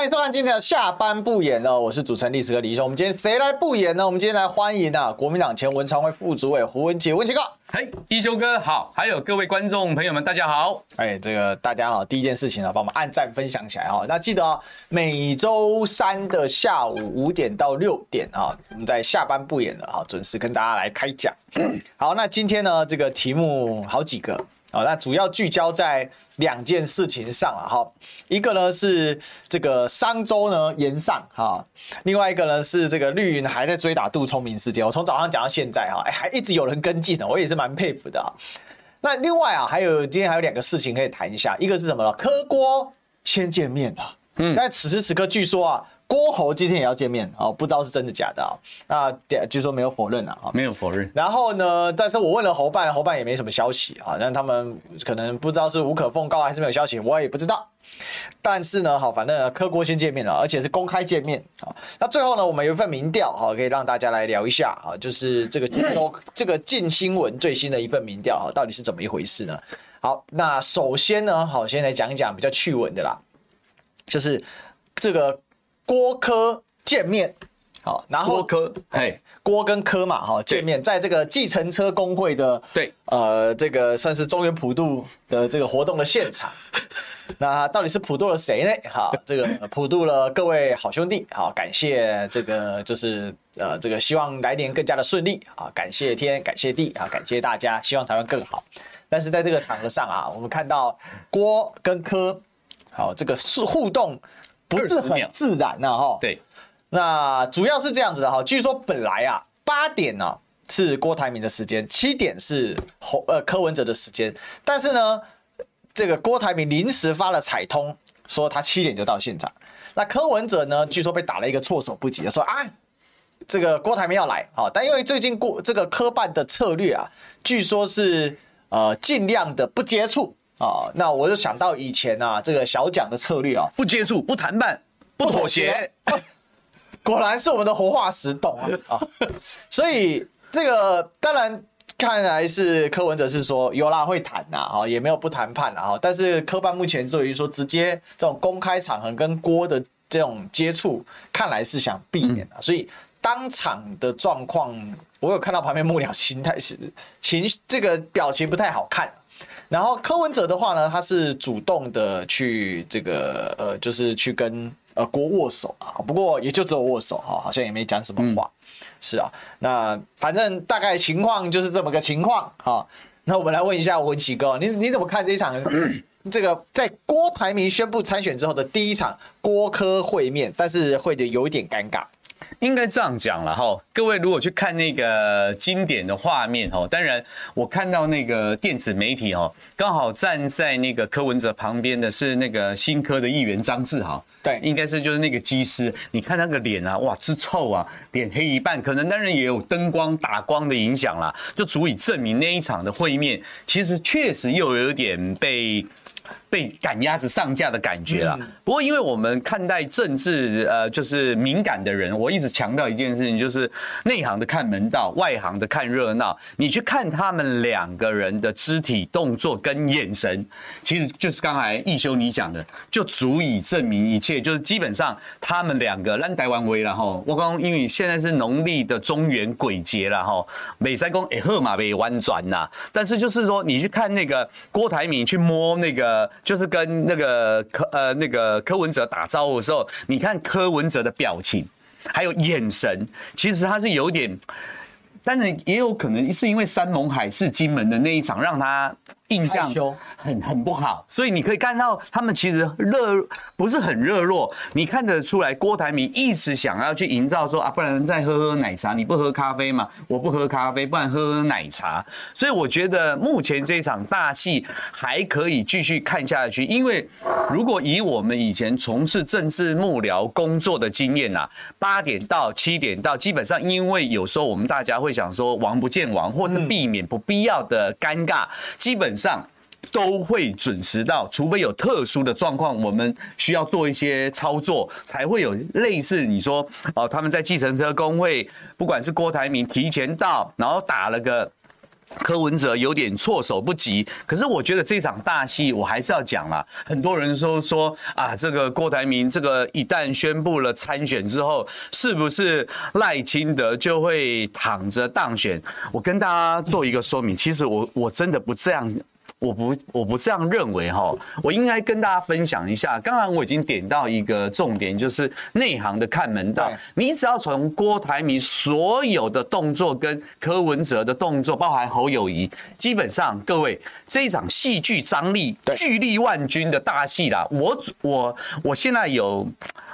歡迎收看今天的下班不演呢，我是主持人歷史哥李易修。我們今天誰來不演呢？我們今天來歡迎啊，國民黨前文傳會副主委胡文琦，文琦哥。嘿，一休哥好，還有各位觀眾朋友們，大家好。哎、hey,，這個大家好，第一件事情啊，幫我們按讚分享起來哈。那記得、啊、每週三的下午五點到六點啊，我們在下班不演了啊，準時跟大家來開講。好，那今天呢，這個題目好幾個。啊、哦，那主要聚焦在兩件事情上了、啊、哈，一個呢是這個商周呢炎上哈、啊，另外一個呢是這個綠雲還在追打杜聰明事件，我從早上講到現在哈、啊欸，還一直有人跟進呢，我也是蠻佩服的啊。那另外啊，還有今天還有兩個事情可以談一下，一個是什麼呢？柯郭先見面了，嗯，但此時此刻據說啊。郭侯今天也要見面哦，不知道是真的假的啊、哦。那據說沒有否認啊，啊、哦，沒有否認。然後呢，但是我問了侯辦，侯辦也沒什麼消息啊。讓、哦、他們可能不知道是無可奉告，還是沒有消息，我也不知道。但是呢，好、哦，反正柯郭先見面了，而且是公開見面啊、哦。那最後呢，我們有一份民調啊、哦，可以讓大家來聊一下啊、哦，就是這個鏡週、嗯、這個鏡新聞最新的一份民調啊、哦，到底是怎麼一回事呢？好，那首先呢，好、哦，先來講一講比較趣聞的啦，就是這個。郭柯見面，好，然後郭柯嘿，郭跟柯嘛，哈，見面，在這個計程車工會的，對，呃，這個算是中原普渡的這個活動的現場。 那到底是普渡了誰呢？哈，這個普渡了各位好兄弟，好，感謝這個，就是呃，這個希望來年更加的順利啊，感謝天，感謝地啊，感謝大家，希望台灣更好。但是在這個場合上啊，我們看到郭跟柯，好，這個是互動，不是很自然吶哈。對，那主要是這樣子的哈。據說本來啊，八點呢、啊、是郭台銘的時間，七點是侯呃柯文哲的時間。但是呢，這個郭台銘臨時發了彩通，說他七點就到現場。那柯文哲呢，據說被打了一個措手不及，說啊，這個郭台銘要來。好，但因為最近過這個柯辦的策略啊，據說是呃儘量的不接觸。啊、哦，那我就想到以前啊，這個小蔣的策略啊、哦，不接觸、不談判、不妥協、啊，果然是我們的活化石、啊，懂 啊？所以這個當然看來是柯文哲是說有啦會談吶、啊，啊、哦、也沒有不談判吶，哈，但是柯辦目前對於說直接這種公開場合跟郭的這種接觸，看來是想避免的、啊嗯嗯。所以當場的狀況，我有看到旁邊幕僚心態是情這個表情不太好看、啊。然後柯文哲的話呢，他是主動的去這個呃，就是去跟呃郭握手啊，不過也就只有握手哈，好像也沒講什麼話、嗯。是啊,那反正大概情況就是這麼個情況哈。那我們來問一下文琦哥,你你怎麼看這一場這個在郭台銘宣布參選之後的第一場郭柯會面？但是會的有一點尷尬。應該這樣講了哈，各位如果去看那個經典的畫面哈，當然我看到那個電子媒體哈，剛好站在那個柯文哲旁邊的是那個新科的議員張志豪，對，應該是就是那個機師，你看那個臉啊，哇，之臭啊，臉黑一半，可能當然也有燈光打光的影響啦，就足以證明那一場的會面，其實確實又有點被。被趕鴨子上架的感覺啦。不過，因為我們看待政治，呃，就是敏感的人，我一直強調一件事情，就是內行的看門道，外行的看熱鬧。你去看他們兩個人的肢體動作跟眼神，其實就是剛才易修你講的，就足以證明一切。就是基本上他們兩個，爛台灣威，然哈。我剛剛因為現在是農曆的中元鬼節然哈，美三公哎喝嘛被彎轉吶。但是就是說，你去看那個郭台銘去摸那個。就是跟那個柯呃那個柯文哲打招呼的時候，你看柯文哲的表情，還有眼神，其實他是有點，當然也有可能是因為山盟海誓金門的那一場讓他。印象很很不好，所以你可以看到他們其實熱不是很熱絡，你看得出來郭台銘一直想要去營造說啊，不然再喝喝奶茶，你不喝咖啡嗎？我不喝咖啡，不然喝喝奶茶。所以我覺得目前這一場大戲還可以繼續看下去，因為如果以我們以前從事政治幕僚工作的經驗吶，八點到七點到基本上，因為有時候我們大家會想說王不見王，或者是避免不必要的尷尬，基本。上都會準時到，除非有特殊的狀況，我們需要做一些操作，才會有類似你說，哦、呃，他們在計程車工會，不管是郭台銘提前到，然後打了個。柯文哲有點措手不及，可是我覺得這場大戲我還是要講啦。很多人都說啊，這個郭台銘這個一旦宣布了參選之後，是不是賴清德就會躺着當選？我跟大家做一個說明，其實我我真的不這樣。我不，我不這樣認為齁。我應該跟大家分享一下，剛剛我已經點到一個重點，就是內行的看門道。你只要從郭台銘所有的動作跟柯文哲的動作，包含侯友宜，基本上各位這一場戲劇張力、巨力萬鈞的大戲啦，我我我現在有。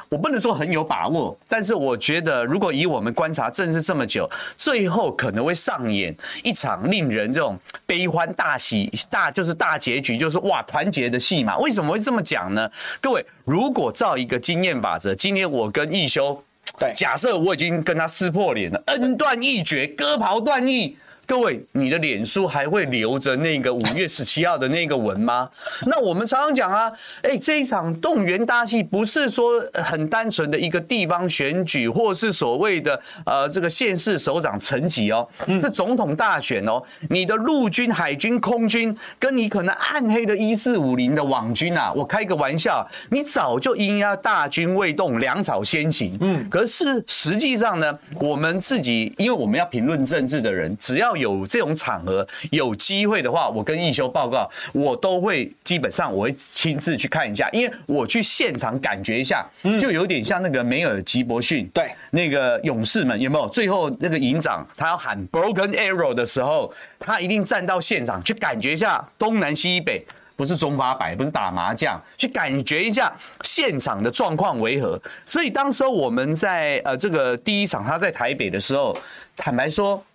我不能說很有把握，但是我覺得，如果以我們觀察政治這麼久，最後可能會上演一場令人這種悲歡大喜大，就是大結局，就是哇，團結的戲嘛。為什麼會這麼講呢？各位，如果照一個經驗法則，今天我跟義修，對，假設我已經跟他撕破臉了，恩斷義絕，割袍斷義。各位，你的臉書還會留着那個五月十七號的那個文嗎？ 那我們常常講啊，哎、欸，這一場動員大戲不是說很單純的一個地方選舉，或是所謂的呃這個縣市首長層級哦、嗯，是總統大選哦。你的陸軍、海軍、空軍，跟你可能暗黑的一四五零的網軍啊，我開個玩笑，你早就應該、啊、大軍未動，糧草先行。嗯，可是實際上呢，我們自己因為我們要評論政治的人，只要有這種場合有機會的話，我跟一修報告，我都會基本上我會親自去看一下，因為我去現場感覺一下，嗯，就有點像那個梅爾吉伯遜，對，那個勇士們有沒有？最後那個營長他要喊 Broken Arrow 的時候，他一定站到現場去感覺一下東南西北，不是中發白，不是打麻將，去感覺一下現場的狀況為何。所以當時候我們在呃這個第一場他在台北的時候，坦白說。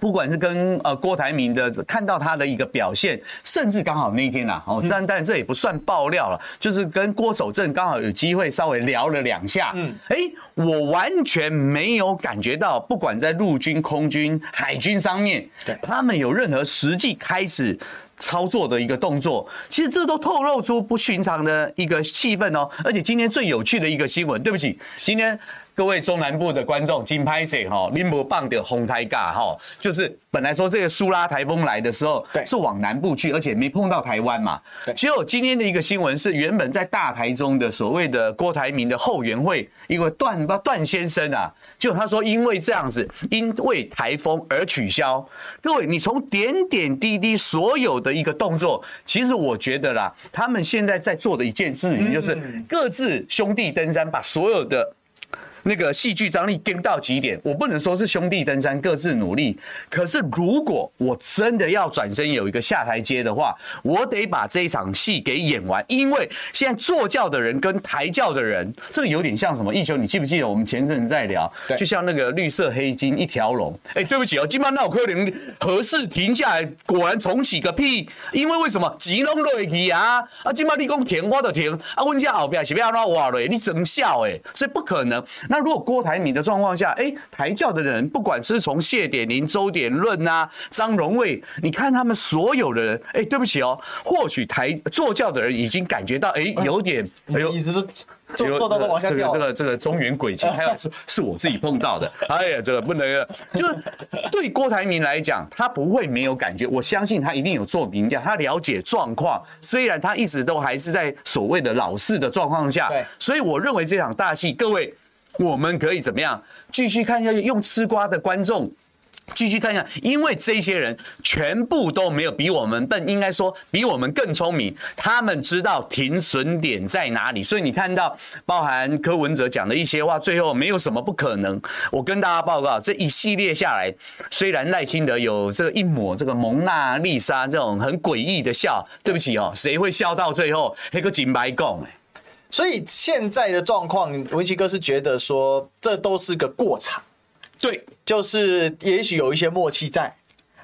不管是跟呃郭台銘的看到他的一個表現，甚至剛好那一天吶、啊，哦，但但這也不算爆料了，嗯、就是跟郭守正剛好有機會稍微聊了兩下，嗯，哎、欸，我完全沒有感覺到，不管在陸軍、空軍、海軍上面，對、他們有任何實際開始操作的一個動作，其實這都透露出不尋常的一個氣氛哦。而且今天最有趣的一個新聞，對不起，今天。各位中南部的觀眾，金拍手哈，拎不棒的紅太尬哈，就是本來說這個蘇拉台風來的時候，對，是往南部去，而且沒碰到台灣嘛。結果今天的一個新聞是，原本在大台中的所謂的郭台銘的後援會，一個段段先生啊，就他說因為這樣子，因為台風而取消。各位，你從點點滴滴所有的一個動作，其實我覺得啦，他們現在在做的一件事情，就是各自兄弟登山，嗯嗯把所有的。那個戲劇張力盯到極點，我不能說是兄弟登山各自努力，可是如果我真的要轉身有一個下台階的話，我得把這一場戲給演完，因為現在坐轎的人跟抬轎的人，這個有點像什麼？易修，你記不記得我們前陣子在聊？就像那個綠色黑金一條龍。哎，對不起哦，今擺那我可能合適停下來，果然重啟個屁，因為為什麼錢攏落去啊？啊，今擺你講停，我就停，啊，問我這後邊是要麼要那話嘞，你裝笑誒，所以不可能。那如果郭台銘的狀況下，哎、欸，抬轎的人，不管是從謝典林、周典論吶、張榮衛，你看他們所有的人，哎、欸，對不起哦，或許抬坐轎的人已經感覺到，哎、欸，有點，你一直都坐，坐到都往下掉對。這個這個中原軌跡還有是是我自己碰到的。 哎呀，這個不能，就是對郭台銘來講，他不會沒有感覺，我相信他一定有做評價，他了解狀況。雖然他一直都還是在所謂的老式的狀況下，所以我認為這場大戲，各位。我們可以怎麼樣繼續看一下，用吃瓜的觀眾繼續看一下，因為這些人全部都沒有比我們笨，應該說比我們更聰明。他們知道停損點在哪裡，所以你看到包含柯文哲講的一些話，最後沒有什麼不可能。我跟大家報告這一系列下來，雖然賴清德有這一抹這個蒙娜麗莎這種很詭異的笑，對不起哦，誰會笑到最後黑夠真歹講。所以現在的狀況，文琦哥是覺得說這都是個過場？對，就是也許有一些默契在，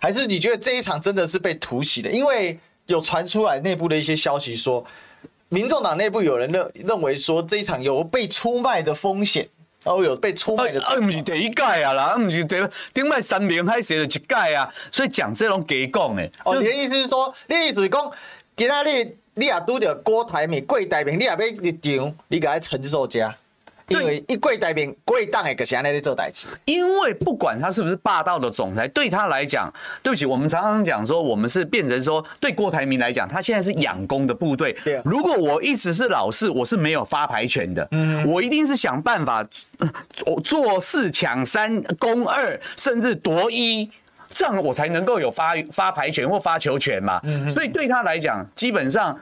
還是你覺得這一場真的是被突襲的？因為有傳出來內部的一些消息說，民眾黨內部有人認認為說這一場有被出賣的風險，然後有被出賣的。哎、啊啊，不是第一屆啊啦，唔、啊、是頂頂賣三名，還寫了一屆啊，所以講這種給講呢。哦，你、喔、的意思是說，你意思是講，其他你。你也拄到郭台銘、郭台銘，你也要入場，你該承受家因為一郭台銘、郭董會個啥呢？在做代志。因為不管他是不是霸道的總裁，對他來講，對不起，我們常常講說，我們是變成說，對郭台銘來講，他現在是仰攻的部隊。對。如果我一直是老四，我是沒有發牌權的。嗯。我一定是想辦法，我做四搶三攻二，甚至奪一。這樣我才能夠有發發牌權或發球權嘛，所以對他來講，基本上，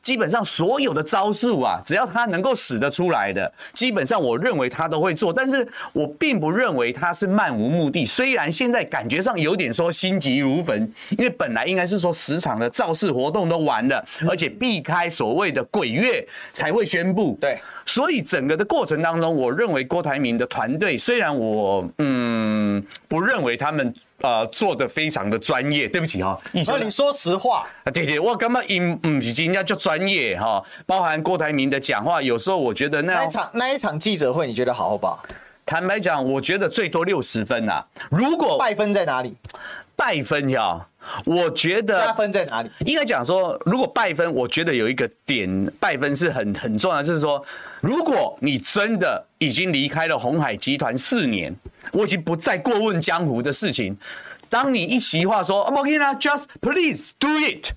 基本上所有的招數啊，只要他能夠使得出來的，基本上我認為他都會做。但是我並不認為他是漫無目的，雖然現在感覺上有點說心急如焚，因為本來應該是說十場的造勢活動都完了，而且避開所謂的鬼月才會宣佈。對，所以整個的過程當中，我認為郭台銘的團隊，雖然我嗯。嗯、不認為他們呃做的非常的專業，對不起哈。那、喔、你說實話啊？對，對對，我根本因嗯，人家叫專業哈。包含郭台銘的講話，有時候我覺得那，那一場那一場記者會，你覺得好不好？坦白講，我覺得最多六十分吶、啊。如果敗分在哪裡？敗分呀、喔？我覺得加分在哪裡？應該講說，如果敗分，我覺得有一個點敗分是很很重要的，就是說，如果你真的已經離開了鴻海集團四年。我已經不再過問江湖的事情。當你一席話說：“啊，我跟你講，just please do it。”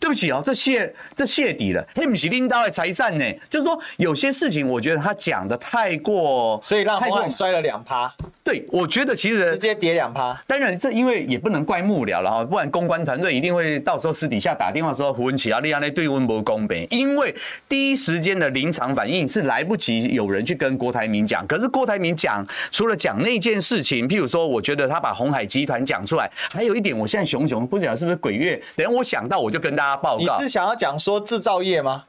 對不起哦，這卸這卸底了，嘿，唔，是拎導的財散呢。就是說，有些事情我覺得他講得太過，所以讓黃偉摔了兩趴。對，我覺得其實直接跌兩趴。當然，這因為也不能怪幕僚了哈，不然公關團隊一定會到時候私底下打電話說胡文琦啊，利亞那對溫伯公平。因為第一時間的臨場反應是來不及有人去跟郭台銘講。可是郭台銘講，除了講那件事情，譬如說，我覺得他把鴻海集團講出來，還有一點，我現在熊熊不曉得是不是鬼月？等下我想到我就跟大家報告。你是想要講說製造業嗎？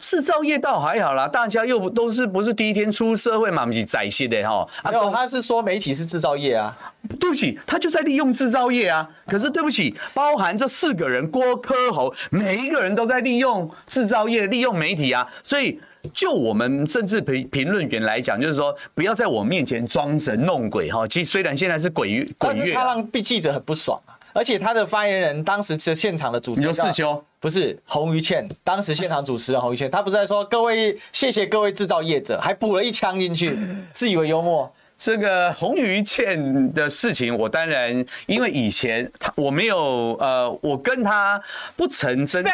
製造業倒還好啦，大家又都是不是第一天出社會嘛，不是在世的哈、啊。沒有，他是說媒體是製造業啊。對不起，他就在利用製造業啊。可是對不起，包含這四個人，郭柯侯，每一個人都在利用製造業，利用媒體啊。所以，就我們政治評評論員來講，就是說，不要在我面前裝神弄鬼哈。其實雖然現在是鬼月，鬼月但他讓被記者很不爽、啊、而且他的發言人當時是現場的主持人，你的，你說四休。不是洪於倩，當時現場主持人洪於倩，她不是在說，各位謝謝各位製造業者，還補了一槍進去，自以為幽默。這個洪於倩的事情，我當然因為以前他我沒有呃，我跟他不曾真。State.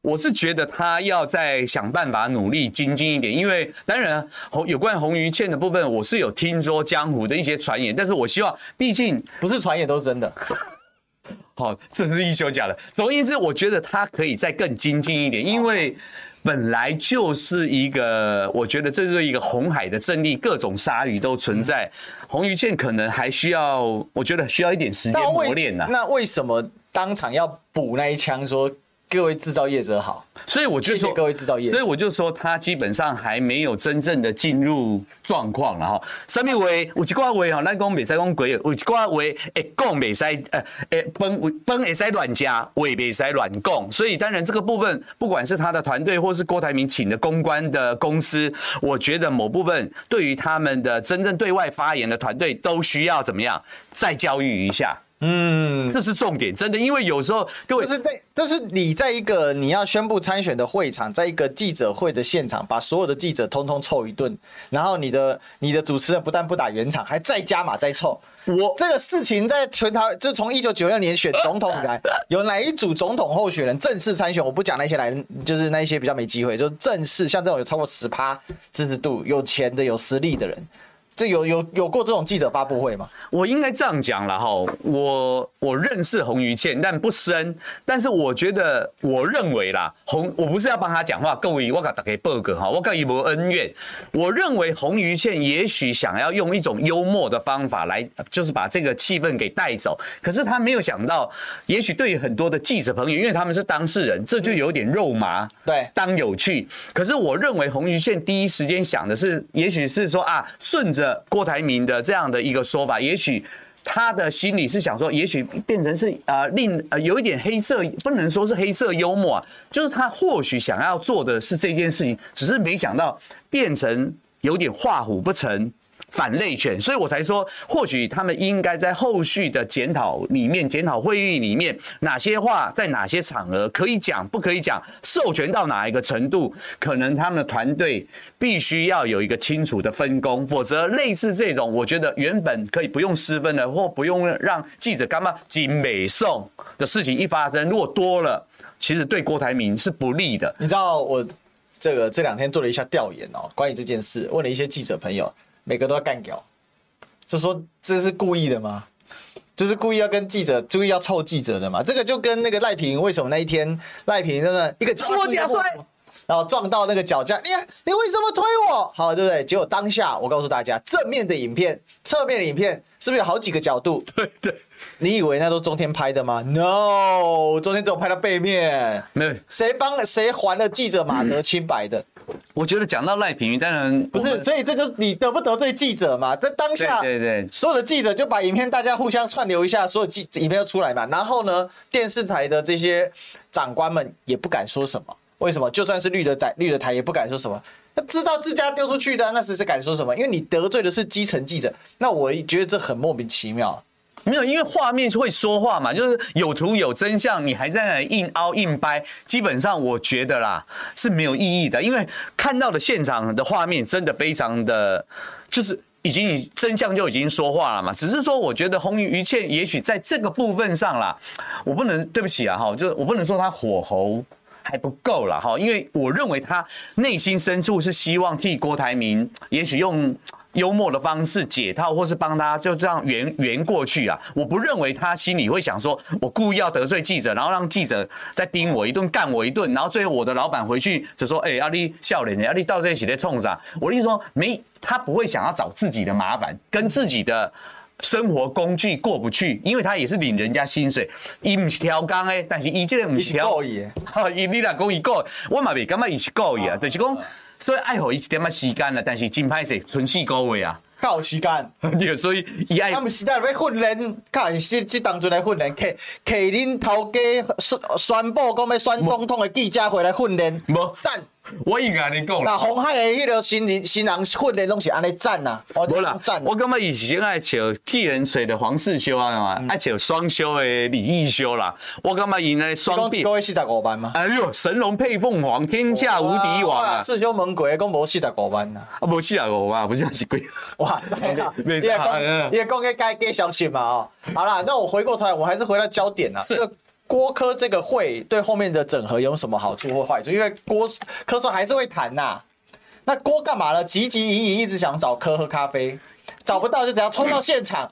我是覺得他要再想辦法努力精進一點，因為當然有關洪於倩的部分，我是有聽說江湖的一些傳言，但是我希望畢竟不是傳言都是真的。 好，這是一休講的。總而言之，我覺得他可以再更精進一點，因為本來就是一個，我覺得這是一個紅海的陣地，各種鯊魚都存在。洪宇健可能還需要，我覺得需要一點時間磨練吶、啊。那為什麼當場要補那一槍說？各位製造業者好，所以我就說，謝謝各位製造業，所以我就說他基本上還沒有真正的進入狀況了哈。上面話，有一句話話哈，那個未使講鬼，有一句話話，會講未使，呃，會崩崩會使亂講，話未使亂講。所以當然這個部分，不管是他的團隊，或是郭台銘請的公關的公司，我覺得某部分對於他們的真正對外發言的團隊，都需要怎麼樣，再教育一下。嗯，這是重點，真的，因為有時候各位但、就是在，就是你在一個你要宣布參選的會場，在一個記者會的現場，把所有的記者通通湊一頓，然後你的你的主持人不但不打圓場，還再加碼再湊。我這個事情在全台，就從一九九六年選總統以來，有哪一組總統候選人正式參選？我不講那些來，就是那些比較沒機會，就正式像這種有超過十趴支持度、有錢的、有實力的人。這有有有過這種記者發布會嗎？我應該這樣講了哈，我我認識洪於倩，但不深。但是我覺得，我認為啦，洪我不是要幫他講話，各位，我跟大家報告哈，我跟他沒恩怨。我認為洪於倩也許想要用一種幽默的方法來，就是把這個氣氛給帶走。可是他沒有想到，也許對於很多的記者朋友，因為他們是當事人，這就有點肉麻。對，當有趣。可是我認為洪於倩第一時間想的是，也許是說啊，順着。郭台銘的這樣的一個說法，也許他的心裡是想說，也許變成是呃令呃有一點黑色，不能說是黑色幽默啊，就是他或許想要做的是這件事情，只是沒想到變成有點畫虎不成，反類權，所以我才說，或許他們應該在後續的檢討裡面、檢討會議裡面，哪些話在哪些場合可以講，不可以講，授權到哪一個程度，可能他們的團隊必須要有一個清楚的分工，否則類似這種，我覺得原本可以不用失分的，或不用讓記者幹嘛擠美送的事情一發生，如果多了，其實對郭台銘是不利的。你知道我這個這兩天做了一下調研哦、喔，關於這件事，問了一些記者朋友。每個都要幹掉，就說這是故意的嗎？就是故意要跟記者，注意要湊記者的嘛。這個就跟那個賴平，為什麼那一天賴平真的一個腳摔，然後撞到那個腳架？你你為什麼推我？好，對不對？結果當下我告訴大家，正面的影片、側面的影片，是不是有好幾個角度？對對,對，你以為那都中天拍的嗎？No，中天只有拍到背面。沒有誰幫誰還了記者馬德清白的。嗯我覺得講到賴品妤，當然不，不是，所以這就是你得不得罪記者嘛？在當下，對對，對，所有的記者就把影片大家互相串流一下，所有記影片要出來嘛。然後呢，電視台的這些長官們也不敢說什麼，為什麼？就算是綠的台，綠的台也不敢說什麼。他知道自家丟出去的、啊，那是敢說什麼？因為你得罪的是基層記者，那我覺得這很莫名其妙。沒有，因為畫面會說話嘛，就是有圖有真相，你還在那裡硬凹硬掰，基本上我覺得啦是沒有意義的，因為看到的現場的畫面真的非常的，就是已經真相就已經說話了嘛。只是說，我覺得紅衣於倩也許在這個部分上啦，我不能對不起啊哈，就是我不能說他火候還不夠了哈，因為我認為他內心深處是希望替郭台銘，也許用。幽默的方式解套，或是幫他就這樣圓圓過去啊！我不認為他心裡會想說，我故意要得罪記者，然後讓記者再盯我一頓、幹我一頓，然後最後我的老板回去就說：“哎，阿力笑臉臉，阿力到底在起在衝啥？”我意思說，沒，他不會想要找自己的麻煩，跟自己的生活工具過不去，因為他也是領人家薪水，伊唔是刁工哎，但是一陣唔是調，哈，伊你若講伊夠，我嘛未感覺伊是夠伊啊，就是講。所以愛予伊一點仔時間啦，但是真歹勢，剩四個月啊，較有時間。 對，所以伊愛。他們現在要訓練，較、啊、靠，先即當作來訓練，揢揢恁頭家宣宣布講要選總統誒記者會來訓練。無讚。我應該安尼講了。那紅海的迄條新人新人混、啊啊、的攏、啊嗯啊、是安尼贊啊，我啦贊，我感覺以現在就替人修的黃士修啊嘛，還雙修的李易修啦。我感覺因安雙臂。一四十五萬嗎？哎呦，神龍配鳳凰，天下無敵王啊！四修門規講無四十五萬吶，啊無四十五萬，不是還是幾？哇塞，沒差啊！因為講的介介詳細嘛哦、喔。 好了，那我回過頭來，我還是回到焦點啦。是。郭柯這個會對後面的整合有什麼好處或壞處？因為郭柯說還是會談吶、啊，那郭幹嘛了？急急營營一直想找柯喝咖啡，找不到就只要衝到現場，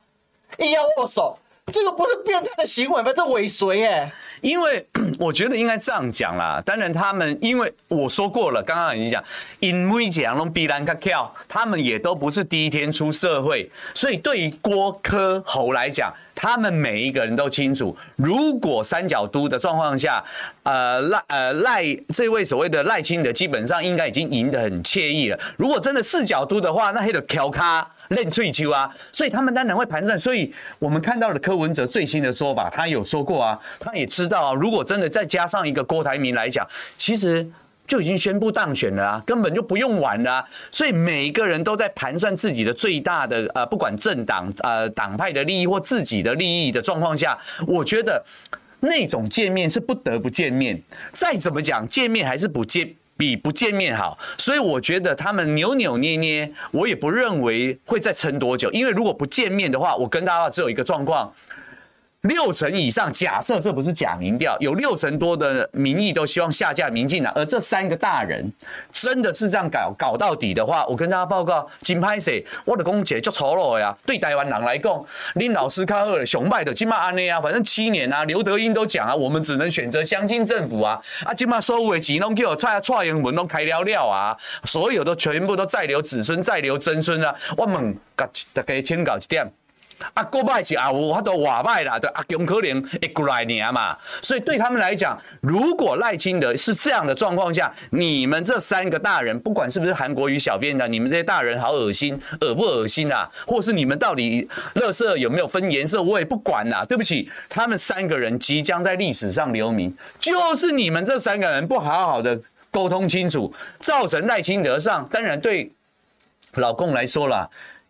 硬要握手。這個不是變態的行為嗎？這尾隨哎、欸，因為我覺得應該這樣講啦。當然，他們因為我說過了，剛剛已經講，因為講龍比蘭他跳，他們也都不是第一天出社會，所以對於郭柯侯來講，他們每一個人都清楚，如果三角都的狀況下，呃賴呃賴這位所謂的賴清德，基本上應該已經贏得很愜意了。如果真的四角都的話，那還得調卡任翠秋啊，所以他們當然會盤算。所以我們看到了柯文哲最新的說法，他有說過啊，他也知道啊，如果真的再加上一個郭台銘來講，其實就已經宣布當選了啊，根本就不用玩了啊。所以每一個人都在盤算自己的最大的呃，不管政黨呃黨派的利益或自己的利益的狀況下，我覺得那種見面是不得不見面。再怎麼講，見面還是不見。比不見面好，所以我覺得他們扭扭捏捏，我也不認為會再撐多久。因為如果不見面的話，我跟大家只有一個狀況。六成以上，假設這不是假民調，有六成多的民意都希望下架民進黨、啊。而這三個大人真的是這樣搞搞到底的話，我跟大家報告，金派誰？我的公決就錯了呀。對台灣人來講，恁老師看二了，熊拜的今晚安尼啊，反正七年啊，劉德英都講啊，我們只能選擇相信政府啊啊，今嘛所有的錢都給我蔡英文都開了了啊，所有都全部都債留子孫，債留曾孫啊。我們各大家，請搞一點。啊，過拜節啊，我我都瓦拜啦，對啊，更可憐，一過來年嘛，所以對他們來講，如果賴清德是這樣的狀況下，你們這三個大人，不管是不是韓國瑜小編的，你們這些大人好噁心，噁不噁心啊？或是你們到底垃圾有沒有分顏色，我也不管啦、啊。對不起，他們三個人即將在歷史上留名，就是你們這三個人不好好的溝通清楚，造成賴清德上，當然對老共來說啦。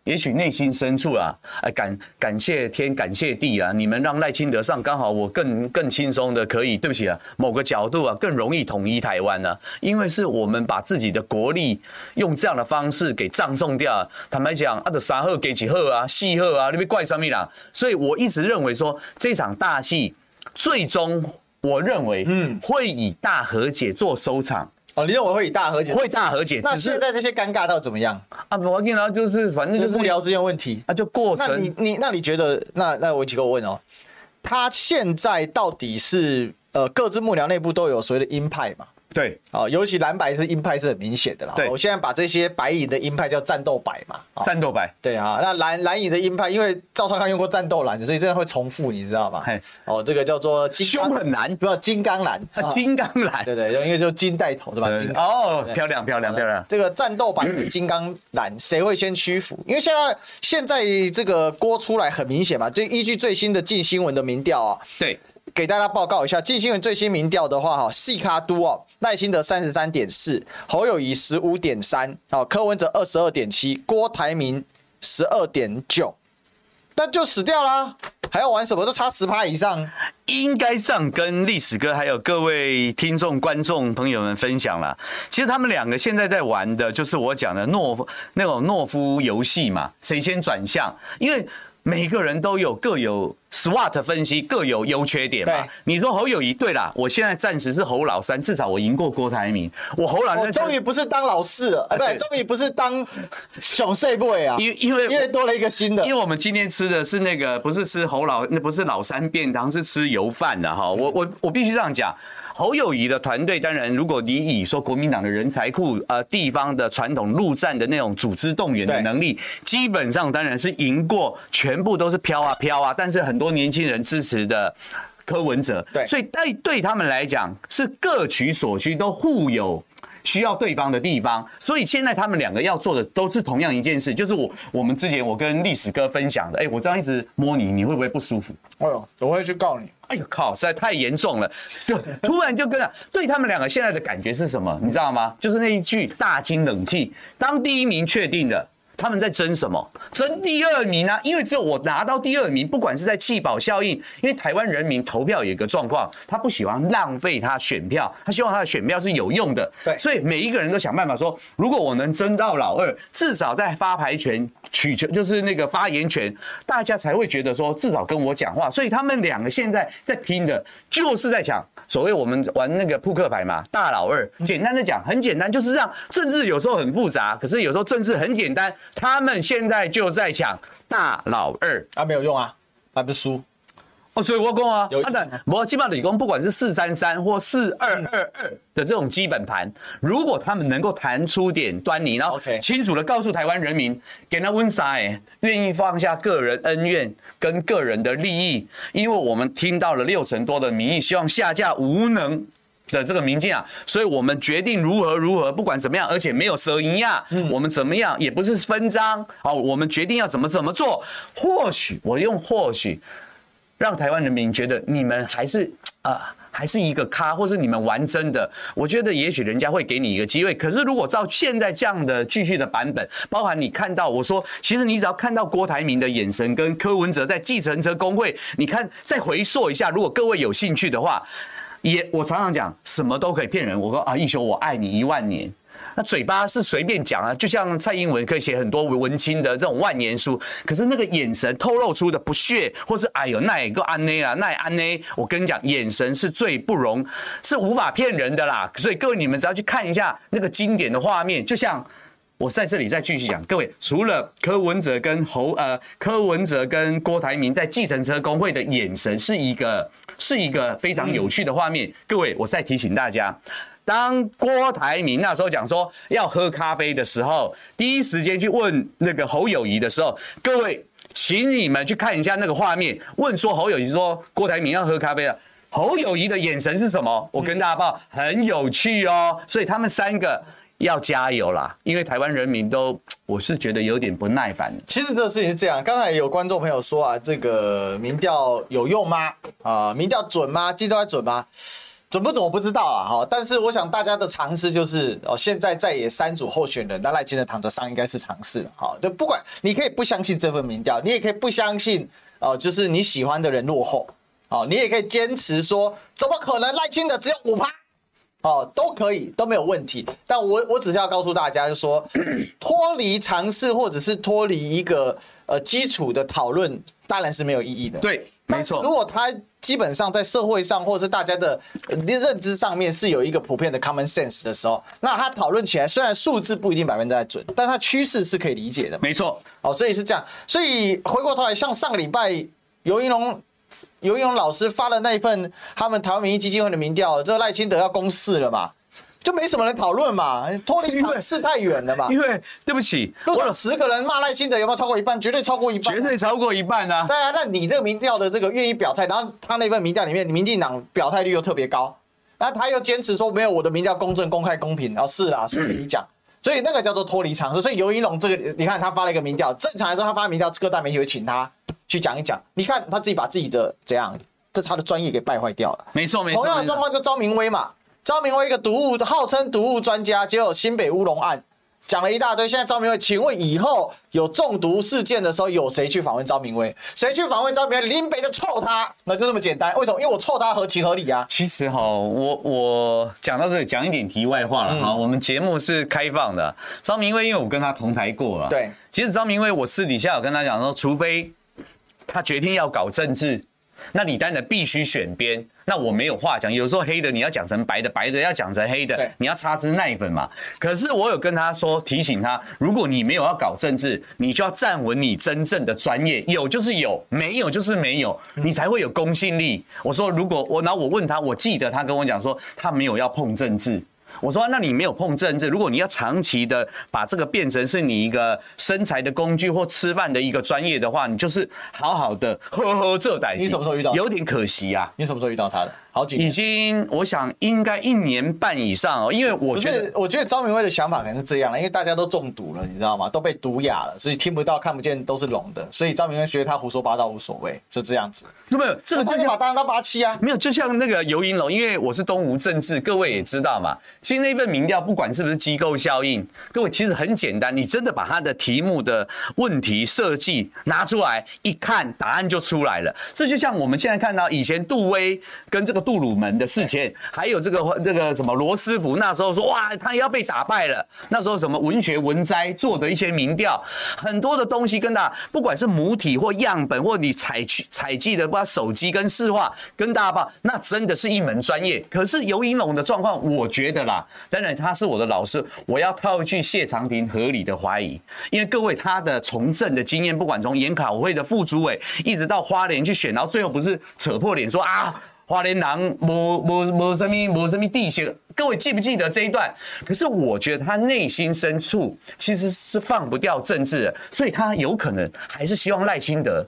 也許內心深處啊，哎感感謝天感謝地啊，你們讓賴清德上，剛好我更更輕鬆的可以，對不起啊，某個角度啊更容易統一台灣呢，啊，因為是我們把自己的國力用這樣的方式給葬送掉。坦白講，阿德沙赫給幾赫啊，細赫啊，你別怪什麼啦。所以我一直認為說，這場大戲最終我認為嗯會以大和解做收場。嗯你認為會以大和解？會大和解。那現在這些尷尬到怎麼樣啊？我跟你就是，反正就是、幕僚之間問題。那、啊、就過程。那你你那你覺得，那那我有幾個問哦，他現在到底是呃，各自幕僚內部都有所謂的鷹派嘛？對，哦，尤其藍白是鷹派是很明顯的啦。對，我現在把這些白營的鷹派叫戰鬥白嘛，哦、戰鬥白。對啊，那藍藍營的鷹派，因為趙少康用過戰鬥藍，所以現在會重複，你知道嗎？哦，這個叫做金胸很藍，不要金剛藍，金剛藍。哦、 對，對對，因為就金帶頭，對吧？對哦，金哦，漂亮漂亮漂亮。這個戰鬥白與金剛藍，誰、嗯、會先屈服？因為現在現在這個郭出來很明顯嘛，就依據最新的鏡新聞的民調啊。對。給大家報告一下，鏡新聞最新民調的話，哈，四腳督哦，賴清德三十三點四，侯友宜十五點三，哦，柯文哲二十二點七，郭台銘十二點九，那就死掉啦，還要玩什麼？都差十趴以上，應該這樣跟歷史哥還有各位聽眾、觀眾朋友們分享了。其實他們兩個現在在玩的就是我講的懦夫那種懦夫遊戲嘛，誰先轉向，因為。每個人都有各有 SWOT 分析，各有優缺點嘛。你說侯友宜對啦，我現在暫時是侯老三，至少我贏過郭台銘。我侯老三，三終於不是當老四，啊，不，終於不是當小碎貝啊。因因為因為多了一個新的，因為我們今天吃的是那個不是吃侯老，那不是老三便當是吃油飯的哈、嗯，我我我必須這樣講，侯友宜的團隊，當然，如果你以說國民黨的人才庫、呃地方的傳統、陸戰的那種組織動員的能力，基本上當然是贏過全部都是飄啊飄啊。但是很多年輕人支持的柯文哲，對，所以對對他們來講是各取所需，都互有需要對方的地方。所以現在他們兩個要做的都是同樣一件事，就是我我們之前我跟歷史哥分享的，哎、欸，我這樣一直摸你，你會不會不舒服？哎呦，我會去告你。哎呦靠！實在太嚴重了，就、啊、突然就跟了。對，他們兩個現在的感覺是什麼，你知道嗎？嗯、就是那一句大驚冷氣，當第一名確定的。他們在爭什麼？爭第二名啊！因為只有我拿到第二名，不管是在棄保效應，因為台灣人民投票有一個狀況，他不喜歡浪費他選票，他希望他的選票是有用的。對，所以每一個人都想辦法說，如果我能爭到老二，至少在發牌權、取權就是那個發言權，大家才會覺得說，至少跟我講話。所以他們兩個現在在拼的，就是在講所謂我們玩那個撲克牌嘛，大老二。簡單的講，很簡單，就是這樣。政治有時候很複雜，可是有時候政治很簡單。他們現在就在搶大老二啊，沒有用啊，還不是輸哦。所以我說啊，他的摩機報理工，啊、不，說不管是四三三或四二二二的這種基本盤，如果他們能夠談出點端倪，然後清楚的告訴台灣人民，給他溫莎耶，願意放下個人恩怨跟個人的利益，因為我們聽到了六成多的民意，希望下架無能。的這個民進啊，所以我們決定如何如何，不管怎麼樣，而且沒有蛇營啊，我們怎麼樣也不是分贓啊，我們決定要怎麼怎麼做，或許我用或許讓台灣人民覺得你們還是啊、呃、還是一個咖，或是你們玩真的，我覺得也許人家會給你一個機會。可是如果照現在這樣的繼續的版本，包含你看到我說，其實你只要看到郭台銘的眼神跟柯文哲在計程車工會，你看再回溯一下，如果各位有興趣的話。也，我常常講什麼都可以騙人。我說啊，義雄，我愛你一萬年。那嘴巴是隨便講啊，就像蔡英文可以寫很多文青的這種萬年書，可是那個眼神透露出的不屑，或是哎呦，那也個安內啦，那安內，我跟你講，眼神是最不容，是無法騙人的啦。所以各位，你們只要去看一下那個經典的畫面，就像。我在這裡再繼續講，各位，除了柯文哲跟侯呃，柯文哲跟郭台銘在計程車工會的眼神是一個是一個非常有趣的畫面。各位，我再提醒大家，當郭台銘那時候講說要喝咖啡的時候，第一時間去問那個侯友宜的時候，各位，請你們去看一下那個畫面，問說侯友宜說郭台銘要喝咖啡了，侯友宜的眼神是什麼？我跟大家報，很有趣哦，所以他們三個。要加油啦！因為台灣人民都，我是覺得有點不耐煩。其實這個事情是這樣，剛才有觀眾朋友說啊，這個民調有用嗎？啊、呃，民調準嗎？記得還準嗎？準不准我不知道啊。好、哦，但是我想大家的常識就是，哦，現在在野三組候選人，那賴清德、躺着上應該是常識了。哦、就不管你可以不相信這份民調，你也可以不相信，哦、呃，就是你喜歡的人落後，哦，你也可以堅持說，怎麼可能賴清德只有五趴？哦，都可以，都沒有問題。但我我只是要告訴大家就是，就說脫離常識或者是脫離一個呃基礎的討論，當然是沒有意義的。對，沒錯。如果他基本上在社會上或者是大家的認知上面是有一個普遍的 common sense 的時候，那他討論起來，雖然數字不一定百分之百準，但他趨勢是可以理解的。沒錯。哦，所以是這樣。所以回過頭來，像上個禮拜游盈隆。游泳老師發了那一份他們台灣民意基金會的民調，之後賴清德要公示了嘛，就沒什麼人討論嘛，脫離常識太遠了嘛因。因為對不起，如果十個人罵賴清德，有沒有超過一半？絕對超過一半啊。絕對超過一半啊！ 對啊，那你這個民調的這個願意表態，然後他那份民調裡面，你民進黨表態率又特別高，那他又堅持說沒有我的民調公正、公開、公平。然後是啊，所以跟你講。嗯所以那個叫做脫離常識。所以游盈隆這個，你看他發了一個民調，正常來說他發民調，各大媒體會請他去講一講。你看他自己把自己的怎樣，這他的專業給敗壞掉了。沒錯，沒錯。同樣的狀況就招名威嘛，招名威一個毒物號稱毒物專家，結果新北烏龍案。講了一大堆，現在招名威，請問以後有中毒事件的時候，有誰去訪問招名威？誰去訪問招名威，林北就臭他，那就這麼簡單。為什麼？因為我臭他合情合理啊。其實哈，我我講到這裡，講一點題外話了。好，嗯，我們節目是開放的。招名威，因為我跟他同台過了。對，其實招名威，我私底下有跟他講說，除非他決定要搞政治。那李丹的必須選邊，那我沒有話講。有時候黑的你要講成白的，白的要講成黑的，你要插針那粉嘛。可是我有跟他說，提醒他，如果你沒有要搞政治，你就要站穩你真正的專業，有就是有，沒有就是沒有，你才會有公信力。嗯、我說如果我，然後我問他，我記得他跟我講說，他沒有要碰政治。我說，那你沒有碰政治，如果你要長期的把這個變成是你一個身材的工具或吃飯的一個專業的話，你就是好好的，呵呵，這代。你什麼時候遇到？有點可惜啊。你什麼時候遇到他的？已經，我想應該一年半以上哦，因為我覺得，我覺得張明威的想法可能是這樣了，因為大家都中毒了，你知道嗎？都被毒啞了，所以聽不到、看不見都是聾的，所以張明威覺得他胡說八道無所謂，就這樣子。那麼這個辦法當然到八七啊，沒有，就像那個游盈隆，因為我是東吳政治，各位也知道嘛。所以那份民調，不管是不是機構效應，各位其實很簡單，你真的把他的題目的問題設計拿出來一看，答案就出來了。這就像我們現在看到以前杜威跟這個。杜魯門的事情，還有這個這個什麼羅斯福那時候說哇，他要被打敗了。那時候什麼文學文摘做的一些民調，很多的東西跟大家，不管是母體或樣本或你採取採集的，把手機跟市話，跟大家講，那真的是一門專業。可是游盈隆的狀況，我覺得啦，當然他是我的老師，我要套一句謝長廷合理的懷疑，因為各位他的從政的經驗，不管從研考會的副主委，一直到花蓮去選，然後最後不是扯破臉說啊。花蓮狼，某某某什麼某什麼地形，各位記不記得這一段？可是我覺得他內心深處其實是放不掉政治的，所以他有可能還是希望賴清德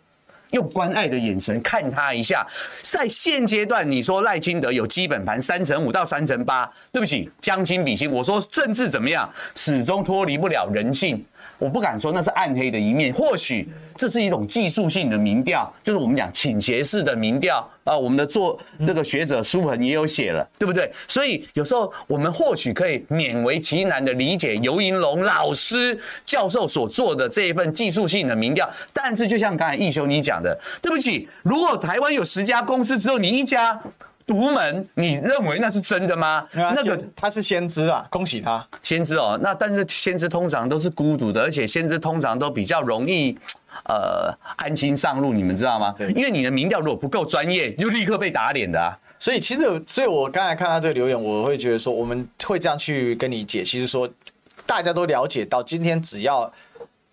用關愛的眼神看他一下。在現階段，你說賴清德有基本盤三成五到三成八，對不起，將心比心，我說政治怎麼樣，始終脫離不了人性。我不敢說那是暗黑的一面，或許這是一種技術性的民調，就是我們講傾斜式的民調。呃，我們的做這個學者書本也有寫了，嗯、對不對？所以有時候我們或許可以勉為其難的理解游盈隆老師教授所做的這一份技術性的民調，但是就像剛才易修你講的，對不起，如果台灣有十家公司，只有你一家。獨門，你認為那是真的嗎？嗯、那個他是先知啊，恭喜他，先知哦。那但是先知通常都是孤獨的，而且先知通常都比較容易，呃，安心上路。你們知道嗎？嗯、對對對，因為你的民調如果不夠專業，就立刻被打臉的啊。所以其實，所以我剛才看到這個留言，我會覺得說，我們會這樣去跟你解析，就是說大家都了解到，今天只要。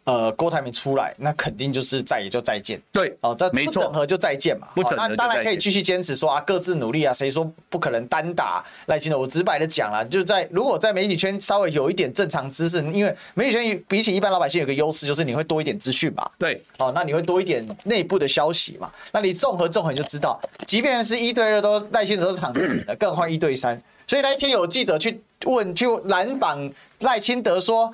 呃，郭台銘出來，那肯定就是再也就再見。對，哦，這沒不整合就再見嘛。見哦、那當然可以繼續堅持說啊，各自努力啊，誰說不可能單打賴、啊、清德。我直白的講啊，就在如果在媒體圈稍微有一點正常知識，因為媒體圈比起一般老百姓有個優勢，就是你會多一點資訊嘛。對，哦，那你會多一點內部的消息嘛？那你綜合綜合就知道，即便是一對二都賴清德都躺贏的，更何況一對三。所以那一天有記者去問，就攔訪賴清德說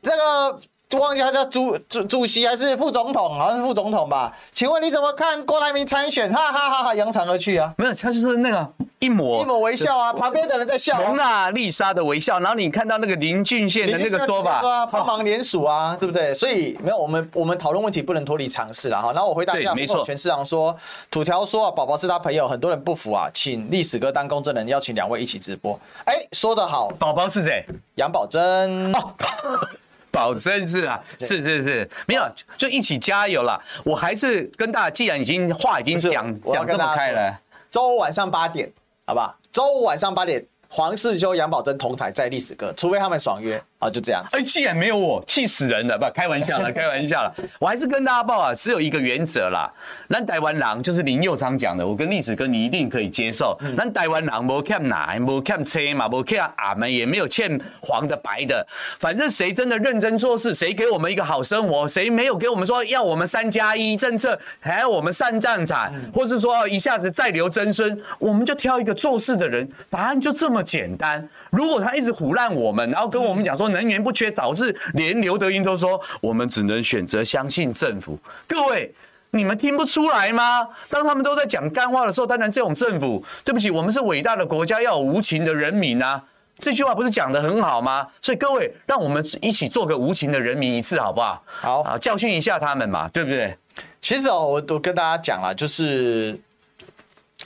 這個。就忘記他叫主主主席還是副總統、啊，好像是副總統吧？請問你怎麼看郭台銘參選？哈哈哈哈，揚長而去啊！沒有，他就是那個一抹一抹微笑啊，旁邊的人在笑、啊。蒙娜麗莎的微笑，然後你看到那個林俊憲的那個說法，幫、啊、忙連署啊，對不對？所以沒有，我們我們討論問題不能脫離常識了哈。然後我回答一下，沒錯，全世航說，土條說啊，寶寶是他朋友，很多人不服啊，請歷史哥當公證人，邀請兩位一起直播。哎、欸，說得好，寶寶是誰？楊寶珍。哦 寶珍是啊，是是是，是是沒有、哦、就一起加油啦。我還是跟大家，既然已經話已經講講，講這麼開了，周五晚上八點，好吧，好不好？周五晚上八點，黃世修、楊寶珍同台在歷史哥，除非他們爽約。啊，就這樣。哎、欸，既然沒有我，氣死人了！不，開玩笑了，開玩笑了。 我還是跟大家報啊，只有一個原則啦。咱台灣人就是林右昌講的，我跟歷史哥，你一定可以接受。那、嗯、台灣人無欠奶，無欠車嘛，無欠阿妹，也沒有欠，欠黃的白的。反正誰真的認真做事，誰給我們一個好生活，誰沒有給我們說要我們三加一政策，還要我們上戰場、嗯，或是說一下子再留曾孫，我們就挑一個做事的人。答案就這麼簡單。如果他一直唬爛我們，然後跟我們講說。嗯能源不缺，導致連劉德音都說，我們只能選擇相信政府。各位，你們聽不出來嗎？當他們都在講幹話的時候，當然這種政府，對不起，我們是偉大的國家，要有無情的人民吶、啊。這句話不是講得很好嗎？所以各位，讓我們一起做個無情的人民一次，好不好？好啊，教訓一下他們嘛，對不對？其實哦，我都跟大家講了，就是。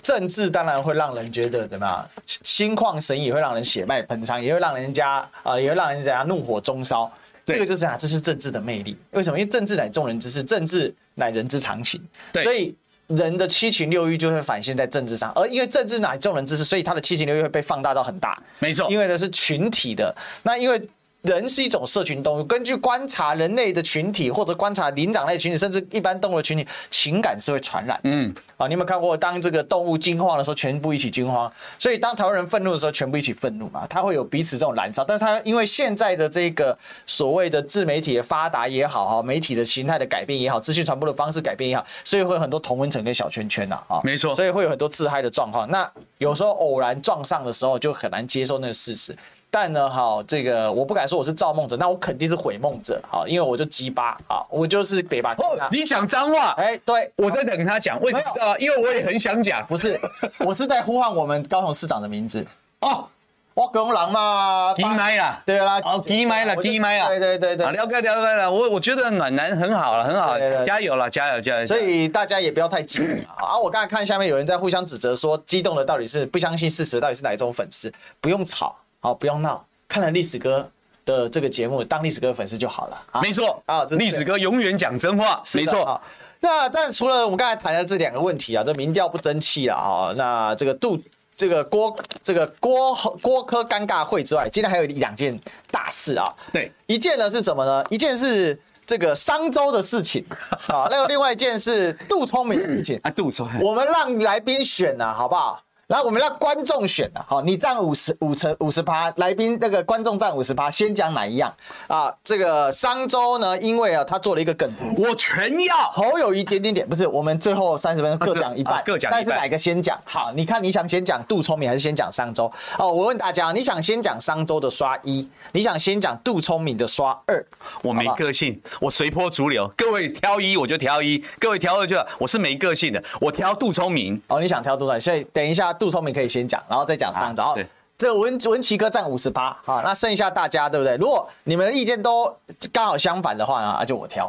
政治當然會讓人覺得怎麼樣？心曠神怡，會讓人血脈噴張，也會讓人家啊、呃，也會讓人家怒火中燒。這個就是啊，這是政治的魅力。為什麼？因為政治乃眾人之事，政治乃人之常情。對，所以人的七情六慾就會反映在政治上，而因為政治乃眾人之事，所以他的七情六慾會被放大到很大。沒錯，因為這是群體的。那因為。人是一種社群動物，根據觀察人類的群體或者觀察靈長類群體，甚至一般動物的群體，情感是會傳染。嗯，啊，你有沒有看過當這個動物驚慌的時候，全部一起驚慌，所以當台灣人憤怒的時候，全部一起憤怒嘛，它會有彼此這種燃燒。但是它因為現在的這個所謂的自媒體的發達也好，哈，媒體的形態的改變也好，資訊傳播的方式改變也好，所以會有很多同溫層跟小圈圈吶、啊，啊，沒錯，所以會有很多自嗨的狀況。那有時候偶然撞上的時候，就很難接受那個事實。但呢，哈，這個我不敢說我是造夢者，那我肯定是毀夢者，好，因為我就雞巴，好，我就是北把，啊哦、你講髒話？哎、欸，對，我在等他講，為什麼？因為我也很想講，不是，我是在呼喚我們高雄市長的名字 哦我跟我 Walker 狼嘛，其邁啊，對啦，哦，其邁了，其邁了，對對對對，對，聊開聊開了，我我覺得暖男很好了，很好，加油了，加油加油，加油，所以大家也不要太激動啊，我剛才看下面有人在互相指責說，說激動的到底是不相信事實，到底是哪一種粉絲？不用吵。好、哦，不用鬧。看了歷史哥的這個節目，當歷史哥的粉絲就好了。沒錯，啊，歷、哦、史哥永遠講真話，沒錯、哦。那但除了我們剛才談的這兩個問題啊，這民調不爭氣啊、哦，那這個杜這個郭這個郭郭柯尷尬會之外，今天還有兩件大事啊。對，一件呢是什麼呢？一件是這個商周的事情啊、 哦，那個、另外一件是杜聰明的事情啊。杜聰明，我們讓來賓選呢、啊，好不好？然後我們讓觀眾選的，好，你占五十五層五十趴，來賓那個觀眾占五十趴，先講哪一樣啊？這個商周呢，因為啊，他做了一個梗圖，我全要，好有一點點點，不是，我們最後三十分鐘、啊、各講一半，各講一半，但是哪個先講？好，你看你想先講杜聰明還是先講商周？哦、啊，我問大家，你想先講商周的刷一，你想先講杜聰明的刷二？我沒個性，好好我隨波逐流，各位挑一我就挑一，各位挑二就我是沒個性的，我挑杜聰明。哦，你想挑杜聰明？所以等一下。杜聰明可以先講，然後再講三、啊，然這文文琦哥佔五十八啊，那剩下大家對不對？如果你們的意見都剛好相反的話呢啊，就我挑。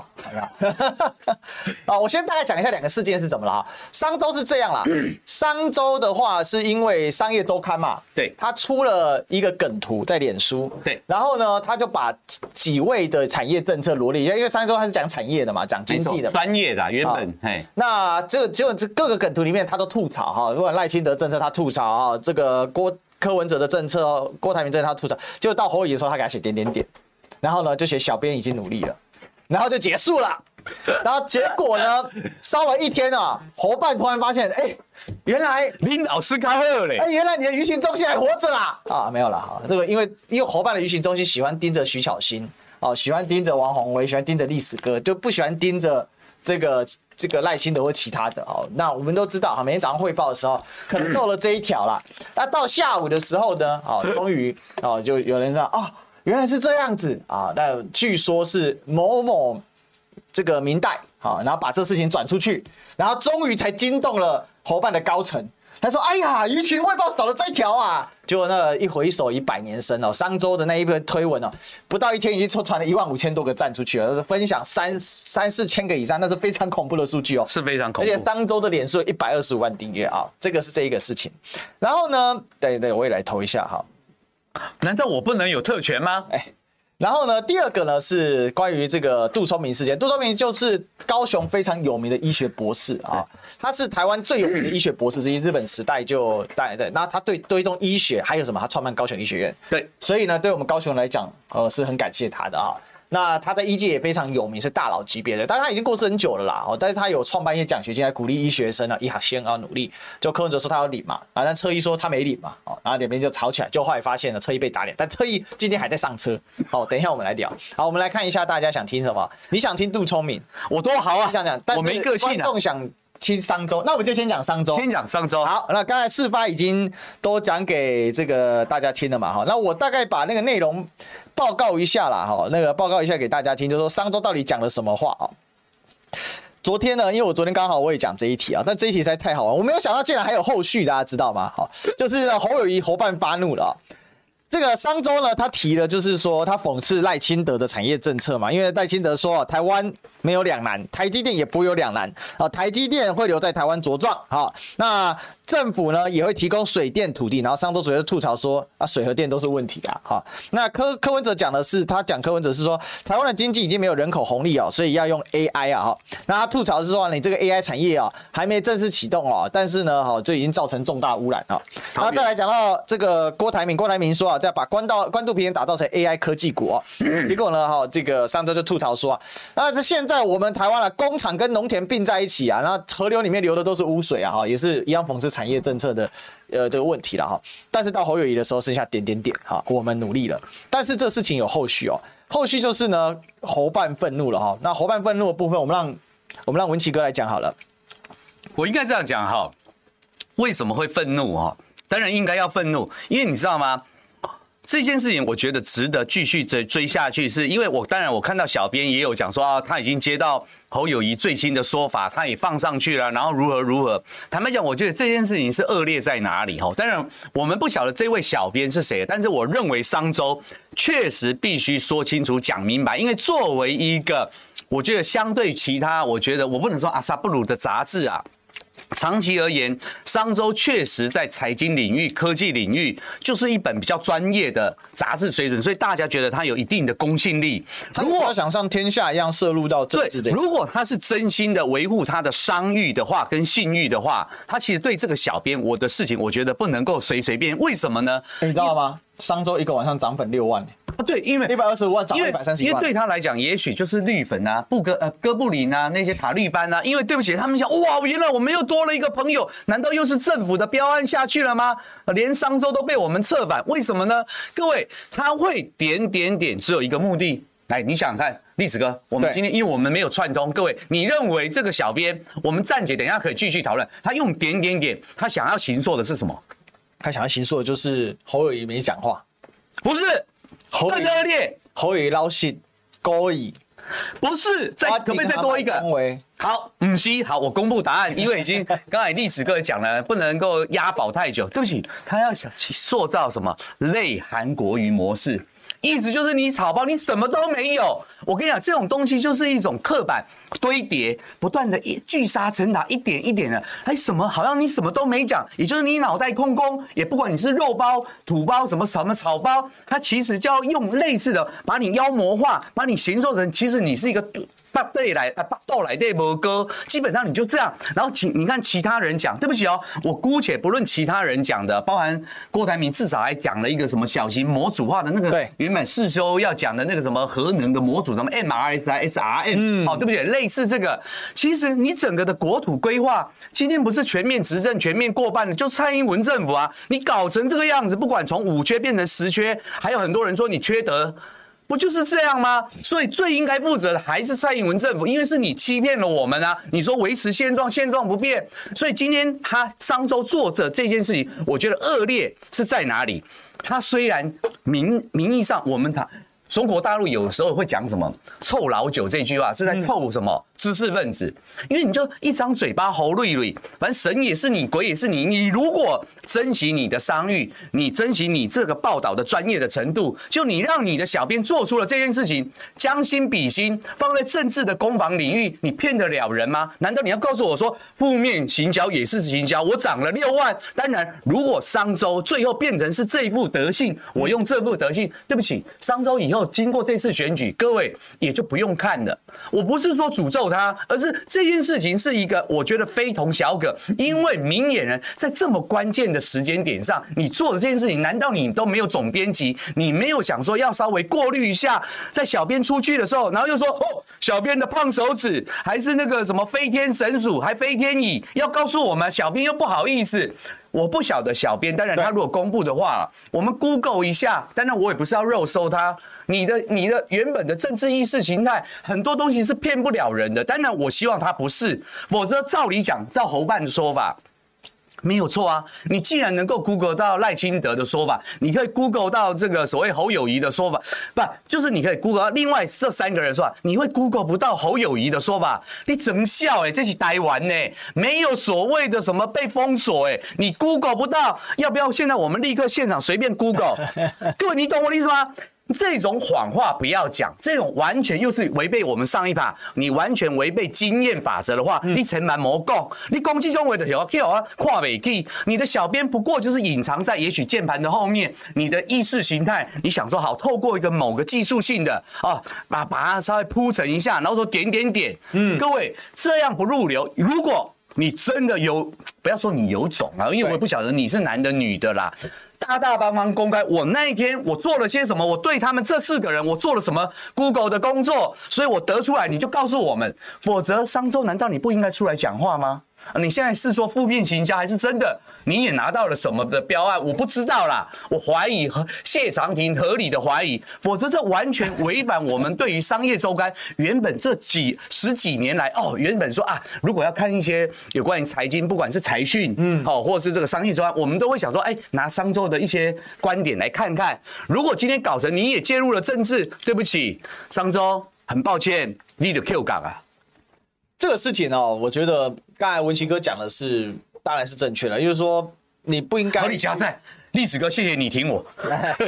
啊，我先大概講一下兩個事件是怎麼了。商周是這樣啦，商、嗯、周的話是因為商業周刊嘛，對，他出了一個梗圖在臉書，對，然後呢，他就把幾位的產業政策羅列，因為商周他是講產業的嘛，講經濟的嘛，專業的原本，啊、那這個就這各個梗圖裡面他都吐槽哈、啊，如果賴清德政策他吐槽啊，這個郭。柯文哲的政策哦，郭台銘在他吐槽，就到侯友宜的時候，他給他寫點點點，然後呢，就寫小編已經努力了，然後就結束了。然後結果呢，燒完一天啊，侯辦突然發現，哎、欸，原來林老師開會嘞，哎、欸，原來你的輿情中心還活着啦啊，沒有啦。哈，這個因為因為侯辦的輿情中心喜歡盯着徐巧芯哦，喜歡盯着王鴻薇，喜歡盯着歷史哥，就不喜歡盯着。這個這個賴清德或其他的哦，那我們都知道哈，每天早上匯報的時候可能漏了這一條了。那到下午的時候呢，哦，終於哦，就有人說啊、哦，原來是這樣子啊。那據說是某某這個明代，好，然後把這事情轉出去，然後終於才驚動了侯辦的高層。他說：“哎呀，輿情外報少了這條啊！就那一回首，已百年身哦，商周的那一篇推文哦，不到一天已經出傳了一萬五千多個讚出去了，就是，分享三三四千個以上，那是非常恐怖的數據哦，是非常恐怖。而且商周的臉書一百二十五萬訂閱啊，這個是這一個事情。然後呢，對對，對，我也來投一下哈。難道我不能有特權嗎？哎，欸。”然後呢，第二個呢是關於這個杜聰明事件。杜聰明就是高雄非常有名的醫學博士啊，他是台灣最有名的醫學博士之一。日本時代就帶來，對，那他對推動醫學還有什麼？他創辦高雄醫學院，對，所以呢，對我們高雄來講，呃，是很感謝他的啊。那他在醫界也非常有名，是大佬級別的，但他已經過世很久了啦。哦，但是他有創辦一些獎學金來鼓勵醫學生啊，要先要努力。就柯文哲說他要領嘛，啊，但車醫說他沒領嘛，哦，然後兩邊就吵起來，就後來發現了車醫被打臉，但車醫今天還在上車。好，哦，等一下我們來聊。好，我們來看一下大家想聽什麼？你想聽杜聰明？我多好啊！想想但我沒個性啊。觀眾想聽商周，那我們就先講商周。先講商周。好，那剛才事發已經都講給這個大家聽了嘛。哈，那我大概把那個內容。報告一下啦，哈，那個報告一下給大家聽，就是、說商周到底講了什麼話啊？昨天呢，因為我昨天剛好我也講這一題啊，但這一題實在太好玩，我沒有想到竟然還有後續，大家知道嗎？好，就是侯友宜、侯辦發怒了。這個商周呢，他提的就是說他諷刺賴清德的產業政策嘛，因為賴清德說台灣沒有兩難，台積電也不會有兩難啊，台積電會留在台灣茁壯啊，那。政府呢，也會提供水電土地，然後商周主就吐槽說啊，水和電都是問題啊哈、哦。那柯、柯文哲講的是，他講柯文哲是說，台灣的經濟已經沒有人口紅利哦，所以要用 AI 啊哈、哦。那他吐槽是說，你這個 AI 產業啊、哦、還沒正式啟動哦，但是呢哈、哦、就已經造成重大污染啊。然、哦、後再來講到這個郭台銘，郭台銘說啊，再把關渡、關渡平原打造成 AI 科技股啊、哦嗯，結果呢哈、哦、這個商周就吐槽說啊，那是現在我們台灣的工廠跟農田並在一起啊，然後河流裡面流的都是污水啊哈，也是一樣諷刺，產業政策的，呃，這個問題了哈。但是到侯友宜的時候，剩下點點點哈，我們努力了。但是這事情有後續哦、喔，後續就是呢，侯辦憤怒了哈。那侯辦憤怒的部分我，我們讓我們讓文琦哥來講好了。我應該這樣講哈，為什麼會憤怒哈？當然應該要憤怒，因為你知道嗎？這件事情我覺得值得繼續追追下去，是因為我當然我看到小編也有講說啊，他已經接到侯友宜最新的說法，他也放上去了，然後如何如何。坦白講，我覺得這件事情是惡劣在哪裡吼？當然我們不曉得這位小編是誰，但是我認為商周確實必須說清楚、講明白，因為作為一個，我覺得相對其他，我覺得我不能說阿薩布魯的雜誌啊。長期而言，商周確實在財經領域、科技領域，就是一本比較專業的雜誌水準，所以大家覺得它有一定的公信力。如果他想像天下一樣涉入到政治，如果他是真心的維護他的商譽的話，跟信譽的話，他其實對這個小編我的事情，我覺得不能夠隨隨便。為什麼呢？你知道嗎？商周一個晚上漲粉六萬、欸、啊，對，因為一百二十五萬漲一百三十萬因，因為對他來講，也許就是綠粉啊，布哥呃哥布林吶、啊，那些塔綠班吶、啊，因為對不起，他們想哇，我原來我們又多了一個朋友，難道又是政府的標案下去了嗎？連商周都被我們策反，為什麼呢？各位，他會點點點只有一個目的。來，你想想看，歷史哥，我們今天因為我們沒有串通，各位，你認為這個小編，我們暫且等一下可以繼續討論，他用點點點，他想要行做的是什麼？他想要行述的就是侯友宜沒講話，不是，更惡劣，侯友宜撈戲，高以，不是，再可不可以再多一個？好，五、嗯、C，好，我公布答案， 因為已經剛才歷史哥講了，不能夠押寶太久。 對不起，他要想塑造什麼類韓國瑜模式。意思就是你草包，你什麼都沒有。我跟你講，這種東西就是一種刻板堆疊，不斷的一聚沙成塔，一點一點的。哎，什麼？好像你什麼都沒講，也就是你腦袋空空。也不管你是肉包、土包什麼什麼草包，它其實就要用類似的把你妖魔化，把你形容成其實你是一個。那對來啊，到來對不哥，基本上你就這樣。然後其你看其他人講，對不起哦，我姑且不論其他人講的，包含郭台銘至少還講了一個什麼小型模組化的那個，對，原本四周要講的那個什麼核能的模組，什麼 M R S I S R M，嗯、哦，對不起，類似這個。其實你整個的國土規劃，今天不是全面執政、全面過半的，就蔡英文政府啊，你搞成這個樣子，不管從五缺變成十缺，還有很多人說你缺德。不就是這樣嗎？所以最應該負責的還是蔡英文政府，因為是你欺騙了我們啊！你說維持現狀，現狀不變，所以今天他商周作者這件事情，我覺得惡劣是在哪裡？他雖然名名義上，我們他中國大陸有時候會講什麼“臭老九”這句話，是在臭什麼？嗯知識分子，因為你就一張嘴巴，喉瑞瑞，反正神也是你，鬼也是你。你如果珍惜你的商譽，你珍惜你這個報道的專業的程度，就你讓你的小編做出了這件事情，將心比心，放在政治的攻防領域，你騙得了人嗎？難道你要告訴我說，負面行銷也是行銷？我漲了六萬。當然，如果商周最後變成是這副德性，我用這副德性，對不起，商周以後經過這次選舉，各位也就不用看了。我不是說詛咒他。啊！而是這件事情是一個，我覺得非同小可，因為明眼人在這麼關鍵的時間點上，你做的這件事情，難道你都沒有總編輯？你沒有想說要稍微過濾一下，在小編出去的時候，然後又說哦，小編的胖手指還是那個什麼飛天神鼠，還飛天椅，要告訴我們，小編又不好意思。我不曉得小編，當然他如果公布的話，我們 Google 一下。當然我也不是要肉搜他。你的你的原本的政治意識形態，很多東西是騙不了人的。當然我希望他不是，否則照理講，照侯辦的說法。沒有錯啊，你既然能夠 Google 到賴清德的說法，你可以 Google 到這個所謂侯友宜的說法，不，就是你可以 Google 到另外這三個人說法，你會 Google 不到侯友宜的說法，你怎麼笑、欸？誒這是台灣呢，沒有所謂的什麼被封鎖、欸，誒你 Google 不到，要不要現在我們立刻現場隨便 Google？ 各位，你懂我的意思嗎？這種謊話不要講，這種完全又是違背我們上一趴。你完全違背經驗法則的話，你成滿魔供，你攻擊中圍的友啊，跨媒體，你的小編不過就是隱藏在也許鍵盤的後面，你的意識形態，你想說好透過一個某個技術性的啊，把把它稍微鋪陳一下，然後說點點點，嗯，各位這樣不入流。如果你真的有，不要說你有種啊，因為我也不曉得你是男的女的啦。大大方方公開，我那一天我做了些什麼？我對他們這四個人我做了什麼？Google 的工作，所以我得出來，你就告訴我們，否則商周難道你不應該出來講話嗎？你現在是說負面行銷還是真的？你也拿到了什麼的標案？我不知道啦，我懷疑和謝長廷合理的懷疑，否則這完全違反我們對於商業周刊 原本這幾十幾年來哦，原本說啊，如果要看一些有關於財經，不管是財訊，嗯，好，或者是這個商業周刊，我們都會想說，哎，拿商周的一些觀點來看看。如果今天搞成你也介入了政治，對不起，商周很抱歉，你的 Q 崗啊。這個事情哦，我覺得剛才文琦哥講的是當然是正確的，因為說你不應該。好在，你加讚，歷史哥，謝謝你挺我。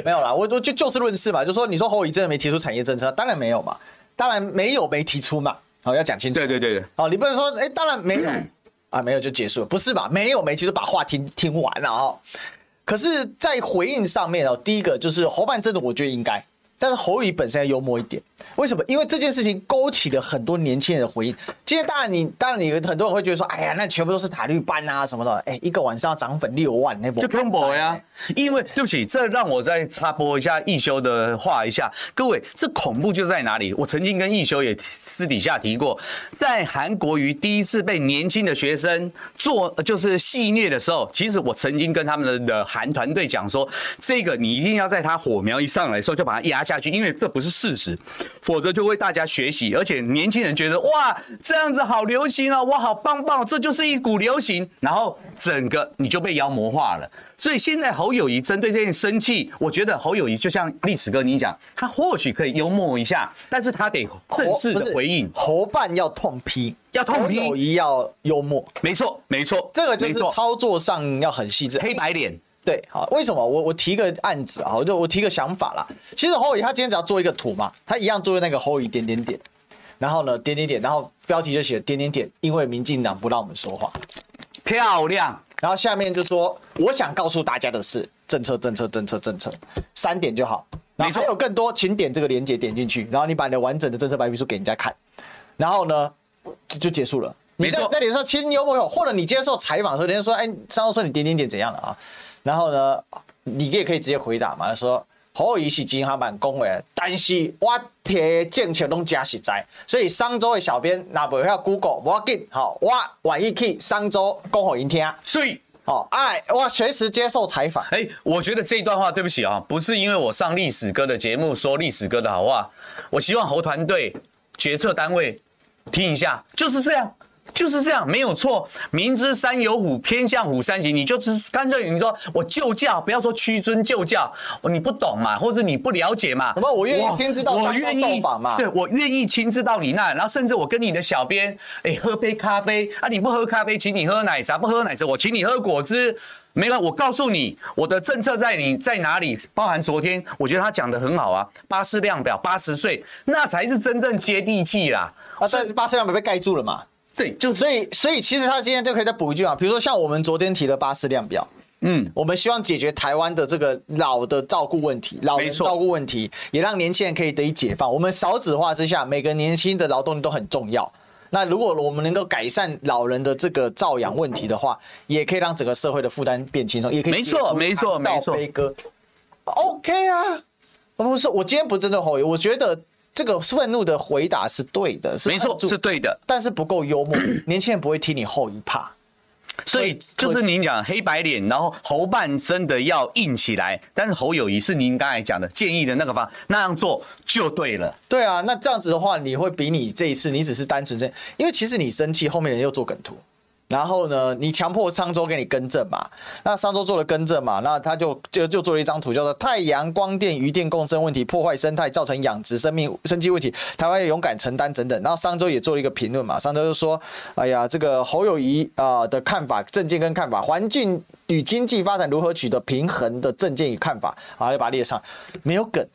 沒有啦，我我就就事論事吧，就說你說侯友宜真的沒提出產業政策，當然沒有嘛，當然沒有沒提出嘛。好、哦，要講清楚。對對對好、哦，你不能說哎，當然沒有，嗯、啊，沒有就結束了，不是吧？沒有沒其實把話聽聽完了啊、哦。可是，在回應上面哦，第一個就是侯辦真的，我覺得應該。但是侯宇本身要幽默一點，為什麼？因為這件事情勾起了很多年輕人的回憶。今天當然你當然你很多人會覺得說，哎呀，那全部都是塔綠班啊什麼的。哎、欸，一個晚上漲粉六萬，那不、欸、就拼搏呀。因為對不起，這讓我再插播一下一休的話一下，各位，這恐怖就在哪裡？我曾經跟一休也私底下提過，在韓國瑜第一次被年輕的學生做就是戲謔的時候，其實我曾經跟他們的韓團隊講說，這個你一定要在他火苗一上來的時候就把他壓。下去，因為這不是事實，否則就為大家學習。而且年輕人覺得哇，這樣子好流行哦、喔，哇，好棒棒、喔，這就是一股流行。然後整個你就被妖魔化了。所以現在侯友宜針對這件生氣，我覺得侯友宜就像歷史哥你講，他或許可以幽默一下，但是他得控制的回應。侯辦要痛批，要痛批。友宜要幽默，沒錯沒錯，這個就是沒錯操作上要很細緻，黑白臉。對，好，為什麼？我我提個案子啊，我就我提個想法啦。其實侯偉他今天只要做一個圖嘛，他一樣做那個侯偉點點點，然後呢點點點，然後標題就寫點點點，因為民進黨不讓我們說話，漂亮。然後下面就說，我想告訴大家的是政策政策政策政策三點就好。你才有更多，請點這個連接點進去，然後你把你的完整的政策白皮書給人家看，然後呢就，就結束了。你在在你說，親實有沒有？或者你接受採訪的時候，人家說，哎、欸，商周說你點點點怎樣的啊？然後呢，你也可以直接回答嘛，說侯乙是金話板公的，但是我提政策都正實在，所以商周的小編那不要 Google，不要緊，吼，我願意去商周供侯爺聽，所以，好，哎，我隨時接受採訪。哎、欸，我覺得這一段話，對不起啊、喔，不是因為我上歷史哥的節目說歷史哥的好話，我希望侯團隊決策單位聽一下，就是這樣。就是這樣，沒有錯。明知山有虎，偏向虎山行。你就只是乾脆你說我就教，不要說屈尊就教。你不懂嘛，或者你不了解嘛？什麼？我願意親自到採訪嘛？對，我願意親自到你那，然後甚至我跟你的小編，哎、欸，喝杯咖啡啊？你不喝咖啡，請你喝奶茶；不喝奶茶，我請你喝果汁。沒了，我告訴你，我的政策在你在哪裡？包含昨天，我覺得他講得很好啊。八四量表，八十歲那才是真正接地氣啦。啊，但八四量表被蓋住了嘛？對，就是、所以所以其實他今天就可以再補一句嘛，比如說像我們昨天提的巴氏量表，嗯，我們希望解決台灣的這個老的照顧問題，老人照顧問題，也讓年輕人可以得以解放。我們少子化之下，每個年輕的勞動力都很重要。那如果我們能夠改善老人的這個照養問題的話，也可以讓整個社會的負擔變輕鬆，也可以解沒錯沒錯沒錯，OK 啊，不是我今天不針對侯友，我覺得。這個憤怒的回答是對的，沒錯是，是對的，但是不夠幽默， 年輕人不會踢你後一趴所，所以就是您講黑白臉，然後侯辦真的要硬起來，但是侯友宜是您剛才講的建議的那個方，那樣做就對了。對啊，那這樣子的話，你會比你這一次，你只是單純這，因為其實你生氣，後面人又做梗圖。然後呢，你強迫商周給你更正嘛？那商周做了更正嘛？那他就就就做了一張圖，叫做“太陽光電漁電共生問題破壞生態，造成養殖生命生機問題，台灣要勇敢承擔”等等。然後商周也做了一個評論嘛，商周就說：“哎呀，這個侯友宜啊、呃、的看法，政見跟看法，環境與經濟發展如何取得平衡的政見與看法，好，要把它列上，沒有梗。”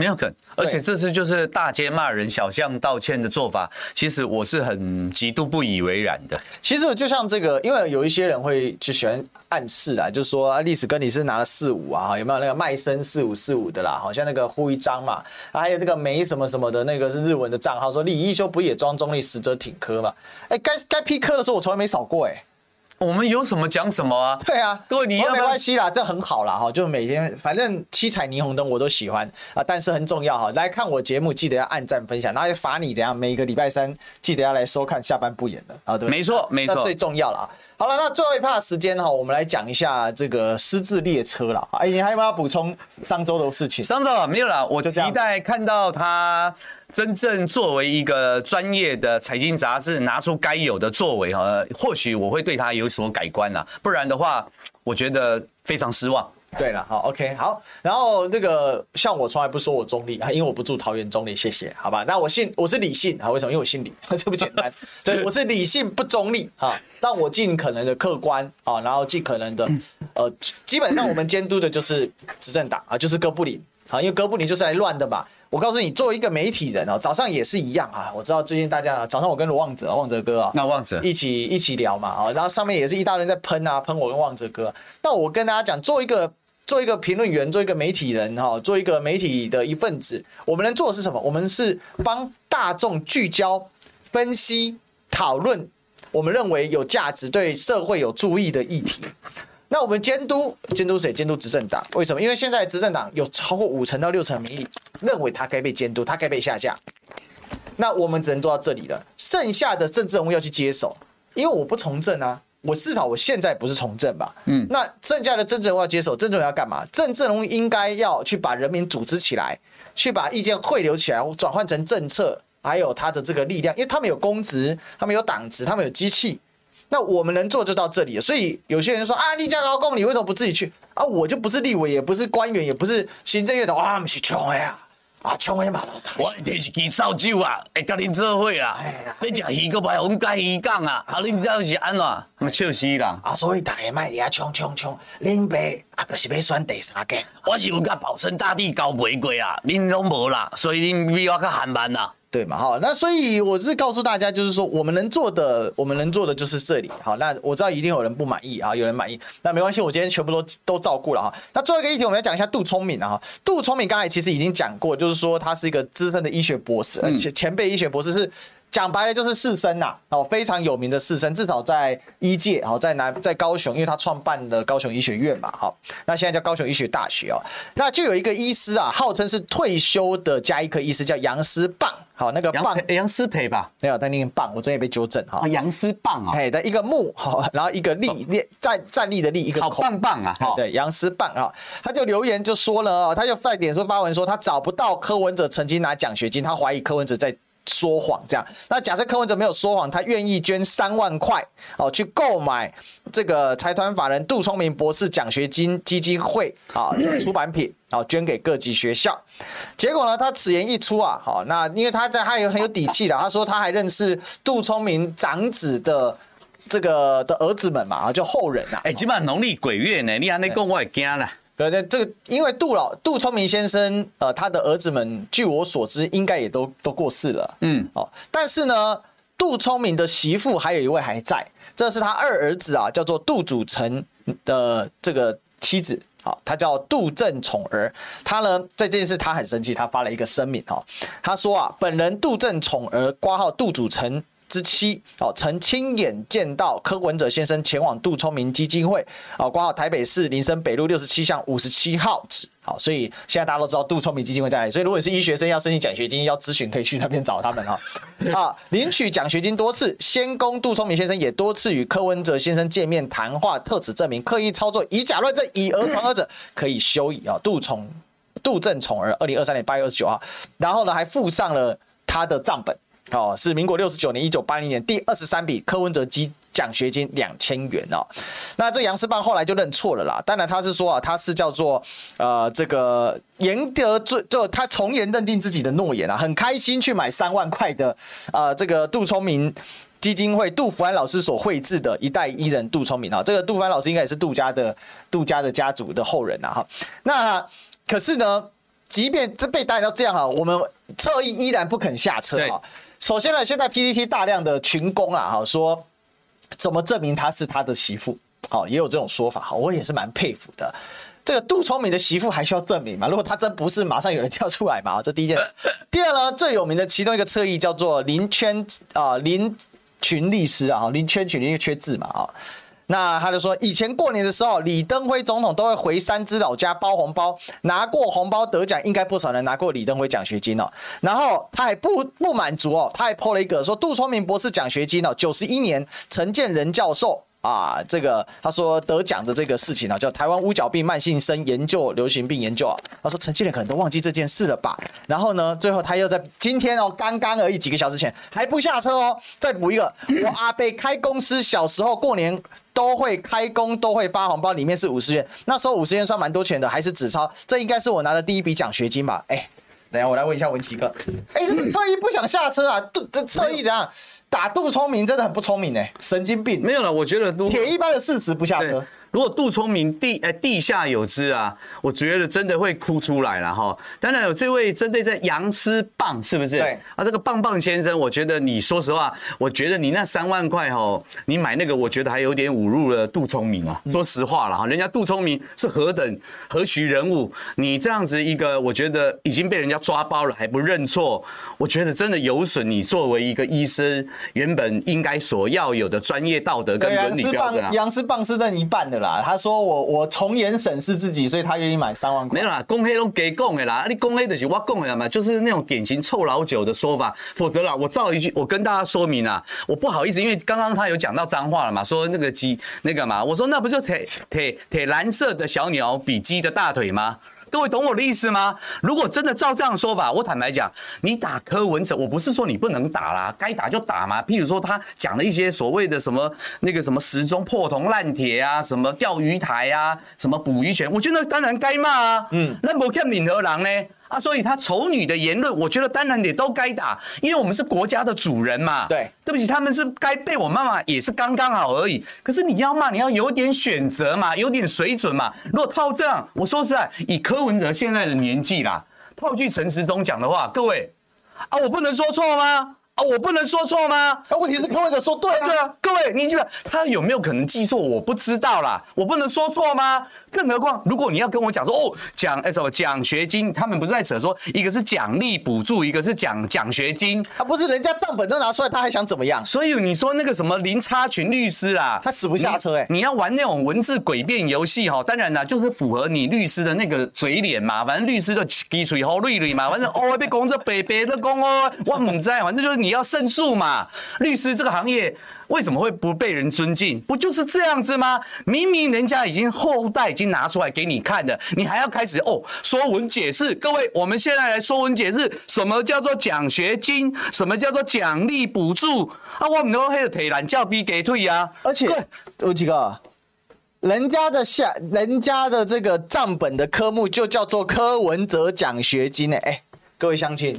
沒有梗，而且這次就是大街罵人，小巷道歉的做法，其實我是很極度不以為然的。其實就像這個，因為有一些人會就喜歡暗示啊，就是、說啊，歷史哥你是拿了四五啊，有沒有那個賣身四五四五的啦？好像那個胡一章嘛，還有那個沒什麼什麼的那個是日文的賬號說，說李一修不也裝中立實則挺柯嘛？哎，該該批柯的時候我從來沒少過哎、欸。我們有什麼講什麼啊？對啊，各位，你要要沒關係啦，這很好啦哈，就每天反正七彩霓虹燈我都喜歡啊，但是很重要哈，來看我節目記得要按讚分享，那就罰你怎樣？每個禮拜三記得要來收看下班不演的啊，對，對，沒錯、啊、沒錯，這最重要了啊。好了，那最後一趴時間哈，我們來講一下這個失智列車了啊，哎、欸，你還有沒有補充上周的事情？上周沒有了，我就一旦看到他。真正作為一個專業的財經雜誌，拿出該有的作為哈，或許我會對他有所改觀吶、啊，不然的話，我覺得非常失望。對了，好，OK，好，然後那個像我從來不說我中立啊，因為我不住桃園，中立，謝謝，好吧。那我姓我是理性啊，為什麼？因為我姓李，這不簡單。 對，我是理性不中立啊，但我盡可能的客觀啊，然後盡可能的呃，基本上我們監督的就是執政黨啊，就是哥布林。啊，因為哥布林就是來亂的嘛。我告訴你，作為一個媒體人啊、喔，早上也是一樣啊。我知道最近大家早上我跟盧旺哲、喔、旺哲哥啊，那旺哲一起一起聊嘛。啊，然後上面也是一大堆人在噴啊，噴我跟旺哲哥。那我跟大家講，做一個做一個評論員，做一個媒體人哈、喔，做一個媒體的一份子，我們能做的是什麼？我們是幫大眾聚焦、分析、討論，我們認為有價值、對社會有助益的議題。那我們監督監督誰？監督執政黨？為什麼？因為現在執政黨有超過五成到六成民意認為他該被監督，他該被下架。那我們只能做到這裡了。剩下的政治人物要去接手，因為我不從政啊，我至少我現在不是從政吧？嗯。那剩下的政治人物要接手，政治人物要幹嘛？政治人物應該要去把人民組織起來，去把意見匯流起來，轉換成政策，還有他的這個力量，因為他們有公職，他們有黨職，他們有機器。那我們能做就到這裡了，所以有些人說啊，立下高公，你為什麼不自己去啊？我就不是立委，也不是官員，也不是行政院長、啊、不的。哇，你是槍灰啊，啊，槍灰嘛。我一定是吉少酒啊，會甲恁做伙啦。要食魚，閣我紅加伊講啊。啊，恁這是安怎？咪、啊、笑死啦。啊，所以大家賣遐槍槍槍，恁爸啊，閣、就是要算第三個、啊。我是有甲保生大帝交陪過啊，恁都無啦，所以恁要我去寒慢啊。對嘛，好，那所以我是告訴大家，就是說我們能做的，我們能做的就是這裡。好，那我知道一定有人不滿意啊，有人滿意，那沒關係，我今天全部都都照顧了哈。那最後一個議題，我們要講一下杜聰明啊，杜聰明剛才其實已經講過，就是說他是一個資深的醫學博士，而、嗯、且前輩醫學博士是。講白了就是士紳吶，哦，非常有名的士紳，至少在醫界，好，在南在高雄，因為他創辦了高雄醫學院嘛，好，那現在叫高雄醫學大學哦。那就有一個醫師啊，號稱是退休的家醫科醫師，叫楊思棒，好，那個楊楊思培吧，沒有，他念棒，我最近被糾正哈，楊、啊、思棒啊、哦，嘿一個木，好，然後一個立立站站立的立，一個好棒棒啊，對，楊思棒啊，他就留言就說了，他就臉書發文說他找不到柯文哲曾經拿獎學金，他懷疑柯文哲在。說謊這樣，那假設柯文哲沒有說謊，他願意捐三萬塊，哦，去購買這個財團法人杜聰明博士獎學基金基金會啊出版品，哦，捐給各級學校。結果呢，他此言一出啊，好，那因為他在他也很有底氣的，他說他還認識杜聰明長子的這個的兒子們嘛，啊，就後人吶、啊。哎、欸，今嘛農曆鬼月呢，你安內講我會驚啦。對，這因為杜老杜聰明先生，呃，他的兒子們，據我所知，應該也都都過世了。嗯，但是呢，杜聰明的媳婦還有一位還在，這是他二兒子啊，叫做杜祖成的這個妻子，好，他叫杜正寵兒，他呢在這件事他很生氣，他發了一個聲明哈、哦，他說啊，本人杜正寵兒，括號杜祖成，之妻哦，曾親眼見到柯文哲先生前往杜聰明基金會哦，掛號台北市林森北路六十七巷五十七號址。好，所以現在大家都知道杜聰明基金會在哪裡。所以如果你是醫學生要申請獎學金，要諮詢可以去那邊找他們啊、哦、 啊！領取獎學金多次，先公杜聰明先生也多次與柯文哲先生見面談話，特此證明，刻意操作以假亂真，以訛傳訛者可以休矣啊、哦！杜寵杜正寵兒，二零二三年八月二十九號，然後呢還附上了他的賬本。哦，是民國六十九年，一九八零年第二十三筆柯文哲基獎學金兩千元哦。那這楊斯棓後來就認錯了啦。當然他是說啊，他是叫做呃這個嚴格最就他從嚴認定自己的諾言啊，很開心去買三萬塊的呃這個杜聰明基金會杜福安老師所繪製的一代醫人杜聰明啊、哦。這個杜福安老師應該也是杜家的杜家的家族的後人啊。哈、啊，那可是呢，即便這被打到這樣啊，我們側翼依然不肯下車啊、哦。首先呢，現在 PTT 大量的群攻啊，好，說怎麼證明他是他的媳婦，好，也有這種說法哈，我也是蠻佩服的。這個杜聰明的媳婦還需要證明嘛？如果他真不是，馬上有人跳出來嘛，這第一件事。 第二呢，最有名的其中一個側翼叫做林圈啊、呃，林群律師啊，林圈群因為缺字嘛啊。那他就說，以前過年的時候，李登輝總統都會回三芝老家包紅包，拿過紅包得獎，應該不少人拿過李登輝獎學金哦。然後他還不不滿足哦，他還破了一個，說杜聰明博士獎學金哦，九十一年陳建仁教授。啊，這個他說得獎的這個事情啊，叫台灣烏腳病慢性砷研究流行病研究啊。他說陳建仁可能都忘記這件事了吧？然後呢，最後他又在今天哦，剛剛而已幾個小時前還不下車哦，再補一個。我阿伯開公司，小時候過年都會開工都會發紅包，裡面是五十元，那時候五十元算蠻多錢的，還是紙鈔。這應該是我拿的第一筆獎學金吧？哎。等下，我來問一下文琦哥。哎、欸，側翼不想下車啊？這這側翼怎樣？打杜聰明真的很不聰明哎、欸，神經病。沒有了，我覺得鐵一般的事實不下車。如果杜聰明地呃、欸、地下有知啊，我覺得真的會哭出來了哈。當然有這位針對這楊思棒是不是？對啊，這個棒棒先生，我覺得你說實話，我覺得你那三萬塊哈，你買那個，我覺得還有點侮辱了杜聰明啊、嗯。說實話了哈，人家杜聰明是何等何許人物，你這樣子一個，我覺得已經被人家抓包了還不認錯，我覺得真的有損你作為一個醫生原本應該所要有的專業道德跟倫理標準啊。楊思棒，楊思棒是認一半的啦，他說我我從嚴審視自己，所以他願意買三萬塊。沒有啦，公黑攏給公的啦，你公黑就是我公的嘛，就是那種典型臭老九的說法。否則啦，我造一句，我跟大家說明啦，我不好意思，因為剛剛他有講到髒話了嘛，說那個雞那個嘛，我說那不就鐵鐵鐵藍色的小鳥比雞的大腿嗎？各位懂我的意思嗎？如果真的照這樣說法，我坦白講，你打柯文哲，我不是說你不能打啦，該打就打嘛。譬如說他講了一些所謂的什麼那個什麼時鐘破銅爛鐵啊，什麼釣魚台啊，什麼捕魚權，我覺得當然該罵啊。嗯，那我看閩南人呢？啊，所以他仇女的言論，我覺得當然也都該打，因為我們是國家的主人嘛。對，對不起，他們是該被我罵嘛，也是剛剛好而已。可是你要罵，你要有點選擇嘛，有點水準嘛。如果套這樣，我說實在，以柯文哲現在的年紀啦，套句陳時中講的話，各位，啊，我不能說錯了嗎？哦、我不能說錯嗎？那問題是各位者說對了、啊，各位，你記得他有沒有可能記錯？我不知道啦，我不能說錯嗎？更何況如果你要跟我講說哦，獎哎什麼獎學金？他們不是在扯說，一個是獎勵補助，一個是獎獎學金。啊，不是人家賬本都拿出來，他還想怎麼樣？所以你說那個什麼林差群律師啊，他死不下車哎！你要玩那種文字詭辯遊戲哈？當然啦，就是符合你律師的那個嘴臉嘛，反正律師就滴水後淚淚嘛，反正哦被工作，北北的工哦，我唔在，反正就是你。你要勝訴嘛？律師這個行業為什麼會不被人尊敬？不就是這樣子嗎？明明人家已經後代已經拿出來給你看了，你還要開始哦說文解釋。各位，我們現在來說文解釋，什麼叫做獎學金？什麼叫做獎勵補助？啊，我唔知我迄個提叫逼雞退啊！而且有幾個人家的下人家的這個賬本的科目就叫做柯文哲獎學金呢、欸。各位鄉親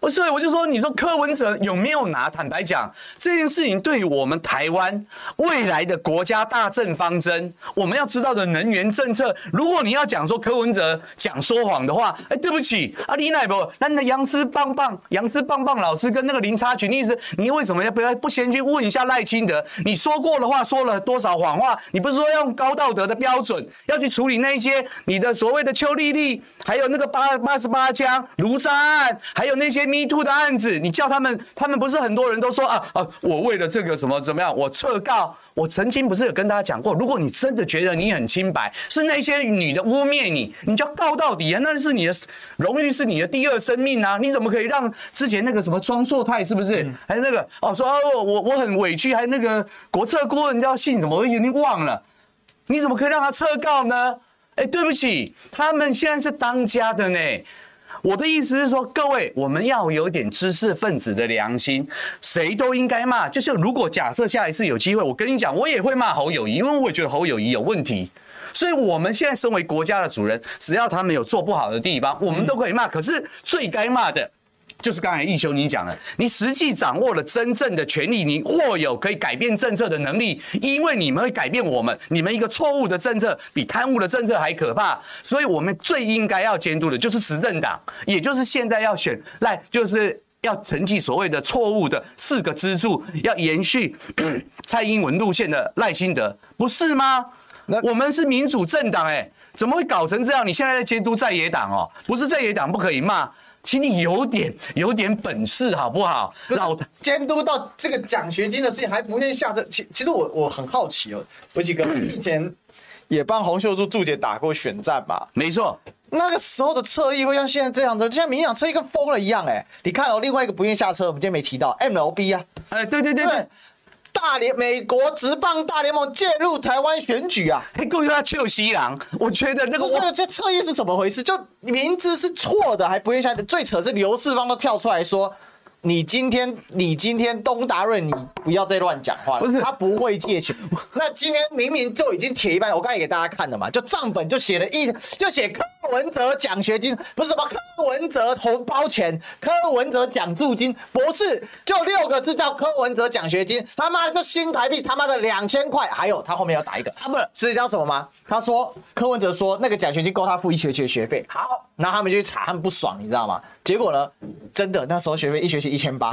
不是，我就說，你說柯文哲有沒有拿？坦白講，這件事情對於我們台灣未來的國家大政方針，我們要知道的能源政策。如果你要講說柯文哲講說謊的話，哎，對不起啊，李奶伯，那你的楊思棒棒，楊思棒棒老師跟那個林插曲的意思，你為什麼要不要不先去問一下賴清德？你說過的話說了多少謊話？你不是說要用高道德的標準要去處理那些你的所謂的邱麗麗，還有那個八八十八槍盧山，還有那些。Me too 的案子，你叫他們，他們不是很多人都說啊啊，我為了這個什麼怎麼樣，我撤告。我曾經不是有跟大家講過，如果你真的覺得你很清白，是那些女的污衊你，你就告到底啊！那是你的榮譽，是你的第二生命啊！你怎麼可以讓之前那個什麼莊碩泰，是不是？嗯、還有那個哦，說啊我我，我很委屈，還有那個國策顧問叫姓什麼，我已經忘了，你怎麼可以讓他撤告呢？哎、欸，對不起，他們現在是當家的呢。我的意思是說，各位，我們要有點知識分子的良心，誰都應該罵。就像如果假設下一次有機會，我跟你講，我也會罵侯友宜，因為我也覺得侯友宜有問題。所以，我們現在身為國家的主人，只要他們有做不好的地方，我們都可以罵、嗯。可是最該罵的。就是剛才一修你講了，你實際掌握了真正的權力，你握有可以改變政策的能力，因為你們會改變我們，你們一個錯誤的政策比貪污的政策還可怕，所以我們最應該要監督的就是執政黨，也就是現在要選賴，就是要承繼所謂的錯誤的四個支柱，要延續 蔡英文路線的賴清德，不是嗎？那我們是民主政黨哎、欸，怎麼會搞成這樣？你現在在監督在野黨哦、喔，不是在野黨不可以罵。請你有點有點本事好不好？不老監督到這個獎學金的事情還不願意下車。其其實我我很好奇哦，不幾個以前也幫洪秀柱柱姐打過選戰嘛？沒錯，那個時候的側翼會像現在這樣子，就像民進側翼跟瘋了一樣哎。你看哦，另外一個不願意下車，我們今天沒提到 M L B 啊？哎、呃，對對對對。對大聯美國職棒大聯盟介入台灣選舉啊，還故意要臭西郎，我覺得那個不是這側翼是怎麼回事？就明知是錯的，還不願下。最扯是劉世芳都跳出來說。你今天，你今天東達潤，你不要再亂講話了。不是他不會借錢 那今天明明就已經鐵一半，我剛才給大家看了嘛，就賬本就寫了一，就寫柯文哲獎學金，不是什麼柯文哲紅包錢、柯文哲獎助金，不是就六個字叫柯文哲獎學金。他媽的這新台幣他媽的兩千塊，還有他後面要打一個，他、啊、們是，是叫什麼嗎？他說柯文哲說那個獎學金夠他付一學期的學費。好，然後他們就去查，他們不爽，你知道嗎？結果呢，真的那時候學費一學期。一千八，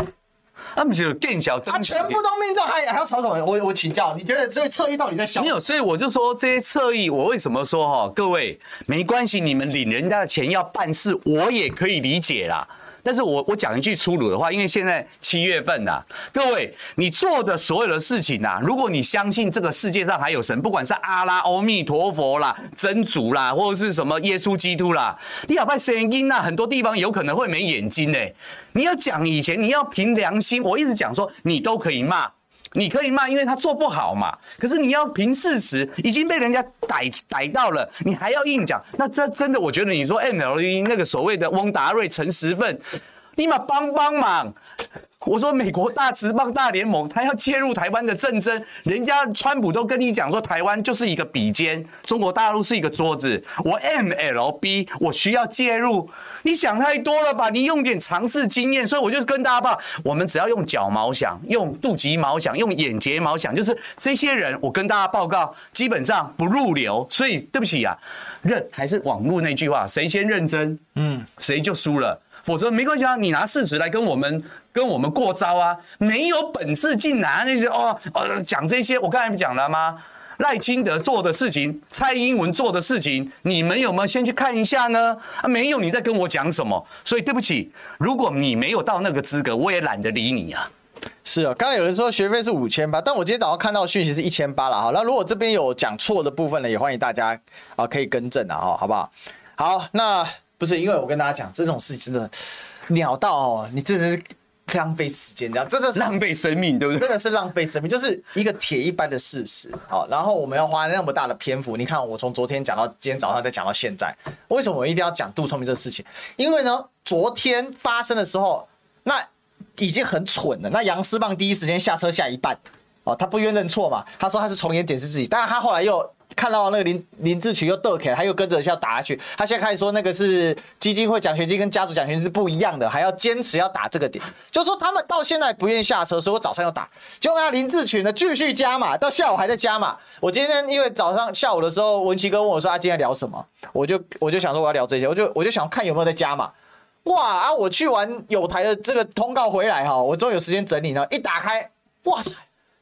他們就更小，他、啊、全部都命中還，還還要吵什麼？我我請教，你覺得這些側翼到底在想什麼？沒有，所以我就說這些側翼，我為什麼說哈？各位沒關係，你們領人家的錢要辦事，我也可以理解啦。但是我我講一句粗魯的話，因為現在七月份吶、啊，各位，你做的所有的事情吶、啊，如果你相信這個世界上還有神，不管是阿拉、阿彌陀佛啦、真主啦，或者是什麼耶穌基督啦，你要拜神音啊，很多地方有可能會沒眼睛呢、欸。你要講以前，你要憑良心，我一直講說，你都可以罵。你可以罵，因為他做不好嘛。可是你要憑事實，已經被人家逮逮到了，你還要硬講？那這真的，我覺得你說 M L E 那個所謂的翁達瑞陳時奮，立馬幫幫忙。我說美國大職棒大聯盟，他要介入台灣的戰爭，人家川普都跟你講說，台灣就是一個筆尖，中國大陸是一個桌子，我 MLB 我需要介入，你想太多了吧？你用點常識經驗。所以我就跟大家報，我們只要用腳毛想，用肚臍毛想，用眼睫毛想，就是這些人，我跟大家報告，基本上不入流，所以對不起啊，認還是網絡那句話，誰先認真，嗯，誰就輸了。否則沒關係啊，你拿市值來跟我們跟我們過招啊，沒有本事進來那些哦呃講這些，我剛才不講了嗎？賴清德做的事情，蔡英文做的事情，你們有沒有先去看一下呢？啊、沒有，你在跟我講什麼？所以對不起，如果你沒有到那個資格，我也懶得理你啊。是啊、哦，剛有人說學費是五千八，但我今天早上看到的訊息是一千八了，好，那如果這邊有講錯的部分呢，也歡迎大家啊可以更正啊，好不好？好，那。不是，因為我跟大家講，這種事真的鳥到哦、喔，你真的是浪費時間，這樣真的是浪費生命，對不對？ 真的是浪費生命，就是一個鐵一般的事實。好、喔，然後我們要花那麼大的篇幅，你看我從昨天講到今天早上，再講到現在，為什麼我一定要講杜聰明這個事情？因為呢，昨天發生的時候，那已經很蠢了。那楊思棒第一時間下車下一半，哦、喔，他不願認錯嘛，他說他是從嚴解釋自己，當然他後來又。看到那個林林志群又鬥起來，他又跟着要打下去。他現在開始說那個是基金會獎學金跟家族獎學金是不一樣的，還要堅持要打這個點，就說他們到現在不願意下車，所以我早上要打。結果林志群呢，繼續加碼，到下午還在加碼。我今天因為早上、下午的時候，文琦哥問我說他、啊、今天聊什麼，我就我就想說我要聊這些，我就我就想看有沒有在加碼。哇啊！我去完友台的這個通告回來哈，我終於有時間整理了。然後一打開，哇塞！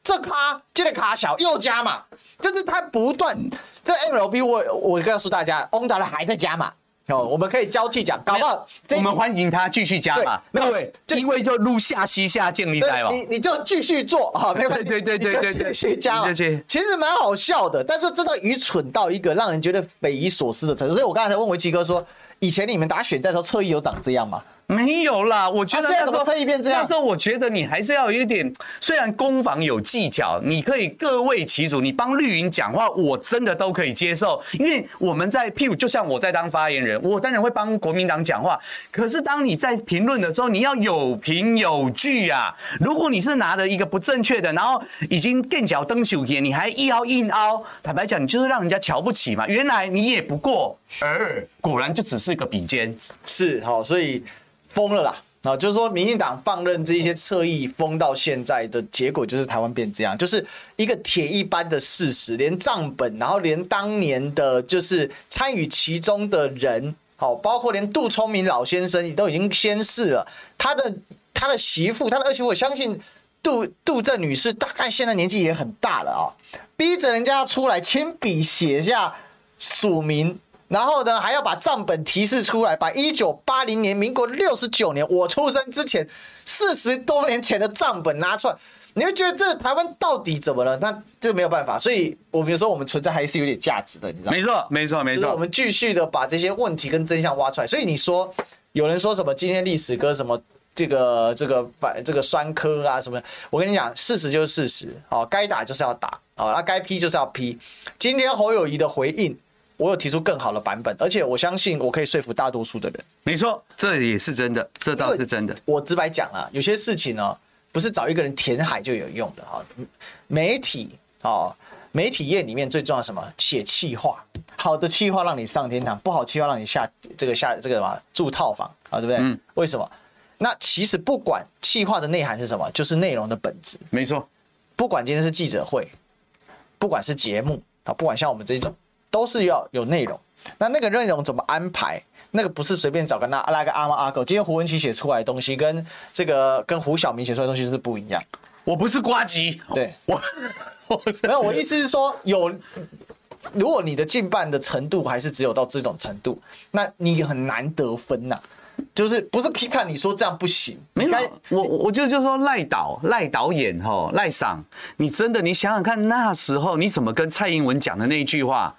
這卡這個卡小又加碼，就是他不斷。 這 M L B 我我告訴大家，翁達還在加碼哦、嗯，我們可以交替講，搞不好、嗯、這我們歡迎他繼續加碼。各位，因為就露下西下建立在了，你就繼續做哈、哦，沒有問題。對對對對對,對，繼續加碼。其實蠻好笑的，但是真的愚蠢到一個讓人覺得匪夷所思的程度。所以我剛才問文琦哥說，以前你們打選戰時候，側翼有長這樣嗎？沒有啦，我覺得、啊、雖然怎麼可以變這樣？但是我覺得你還是要有一點，雖然攻防有技巧，你可以各為其主。你幫綠營講話，我真的都可以接受，因為我們在譬如就像我在當發言人，我當然會幫國民黨講話。可是當你在評論的時候，你要有憑有據啊！如果你是拿的一個不正確的，然後已經墊腳登球，天，你還一凹硬凹，坦白講，你就是讓人家瞧不起嘛。原來你也不過爾爾，而果然就只是一個比肩，是好、哦，所以。瘋了啦！啊、哦，就是說，民進黨放任這些側翼瘋到現在的結果，就是台灣變這樣，就是一個鐵一般的事實。連賬本，然後連當年的，就是參與其中的人，好、哦，包括連杜聰明老先生也都已經仙逝了，他的他的媳婦，他的兒媳婦，我相信杜杜正女士大概現在年紀也很大了啊、哦，逼着人家出來親筆寫下署名。然後呢，還要把賬本提示出來，把一九八零年、民國六十九年我出生之前四十多年前的賬本拿出來，你會覺得這台灣到底怎麼了？那這沒有辦法，所以我比如說我們存在還是有點價值的，你知道？沒錯，沒錯，沒錯。就是、我們繼續的把這些問題跟真相挖出來。所以你說有人說什麼今天歷史哥什麼這個這個反這個酸柯啊什麼？我跟你講，事實就是事實哦，該打就是要打哦，那該批就是要批。今天侯友宜的回應。我有提出更好的版本，而且我相信我可以說服大多數的人。沒錯，這也是真的，這倒是真的。我直白講了，有些事情呢、喔，不是找一個人填海就有用的啊。媒體啊、喔，媒體業裡面最重要是什麼？寫企劃，好的企劃讓你上天堂，不好企劃讓你下這個下這個什麼住套房啊，對不對、嗯？為什麼？那其實不管企劃的內涵是什麼，就是內容的本質。沒錯，不管今天是記者會，不管是節目啊，不管像我們這種。都是要有內容，那那個內容怎麼安排？那個不是隨便找個那那個阿貓阿狗。今天胡文琦寫出來的東西跟這個跟胡曉明寫出來的東西是不一樣。我不是呱吉，對我 我意思是說，有，如果你的近半的程度還是只有到這種程度，那你很難得分吶、啊。就是不是批判你說這樣不行？沒有我我就就說賴導賴導演吼賴爽，你真的你想想看那時候你怎麼跟蔡英文講的那一句話？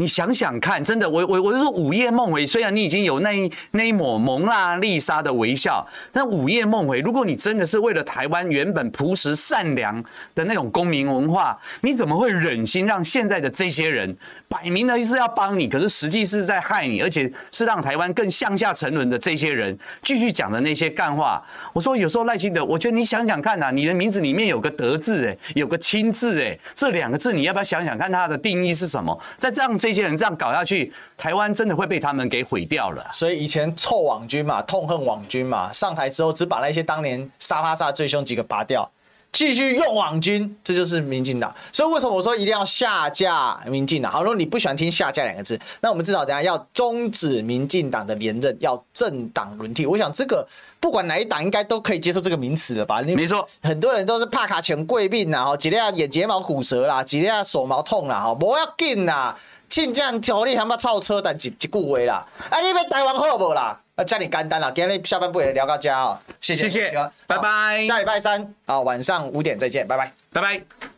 你想想看，真的，我我我就說，午夜夢回。雖然你已經有那一那一抹蒙娜麗莎的微笑，但午夜夢回，如果你真的是為了台灣原本樸實善良的那種公民文化，你怎麼會忍心讓現在的這些人？擺明了就是要幫你，可是實際是在害你，而且是讓台灣更向下沉淪的這些人繼續講的那些幹話。我說有時候賴清德，我覺得你想想看吶，你的名字裡面有個德字誒，有個清字誒，這兩個字你要不要想想看它的定義是什麼？再這樣這些人這樣搞下去，台灣真的會被他們給毀掉了。所以以前臭網軍嘛，痛恨網軍嘛，上台之後只把那些當年殺，他殺的最兇幾個拔掉。繼續用網軍，這就是民進黨。所以為什麼我說一定要下架民進黨？好，如果你不喜歡聽下架兩個字，那我們至少等下要終止民進黨的連任，要政黨輪替。我想這個不管哪一黨，應該都可以接受這個名詞了吧？你說，很多人都是怕卡錢貴賓啦，吼，一勒眼睫毛骨折啦，幾勒手毛痛啦，吼，不要緊啦，親像條例什麼超車，但一一句話啦，啊，你被台灣好無啦？加你干單了，今天下半部也聊到謝謝家啊，謝謝，謝謝，拜拜。下禮拜三啊，晚上五點再見，拜拜，拜拜。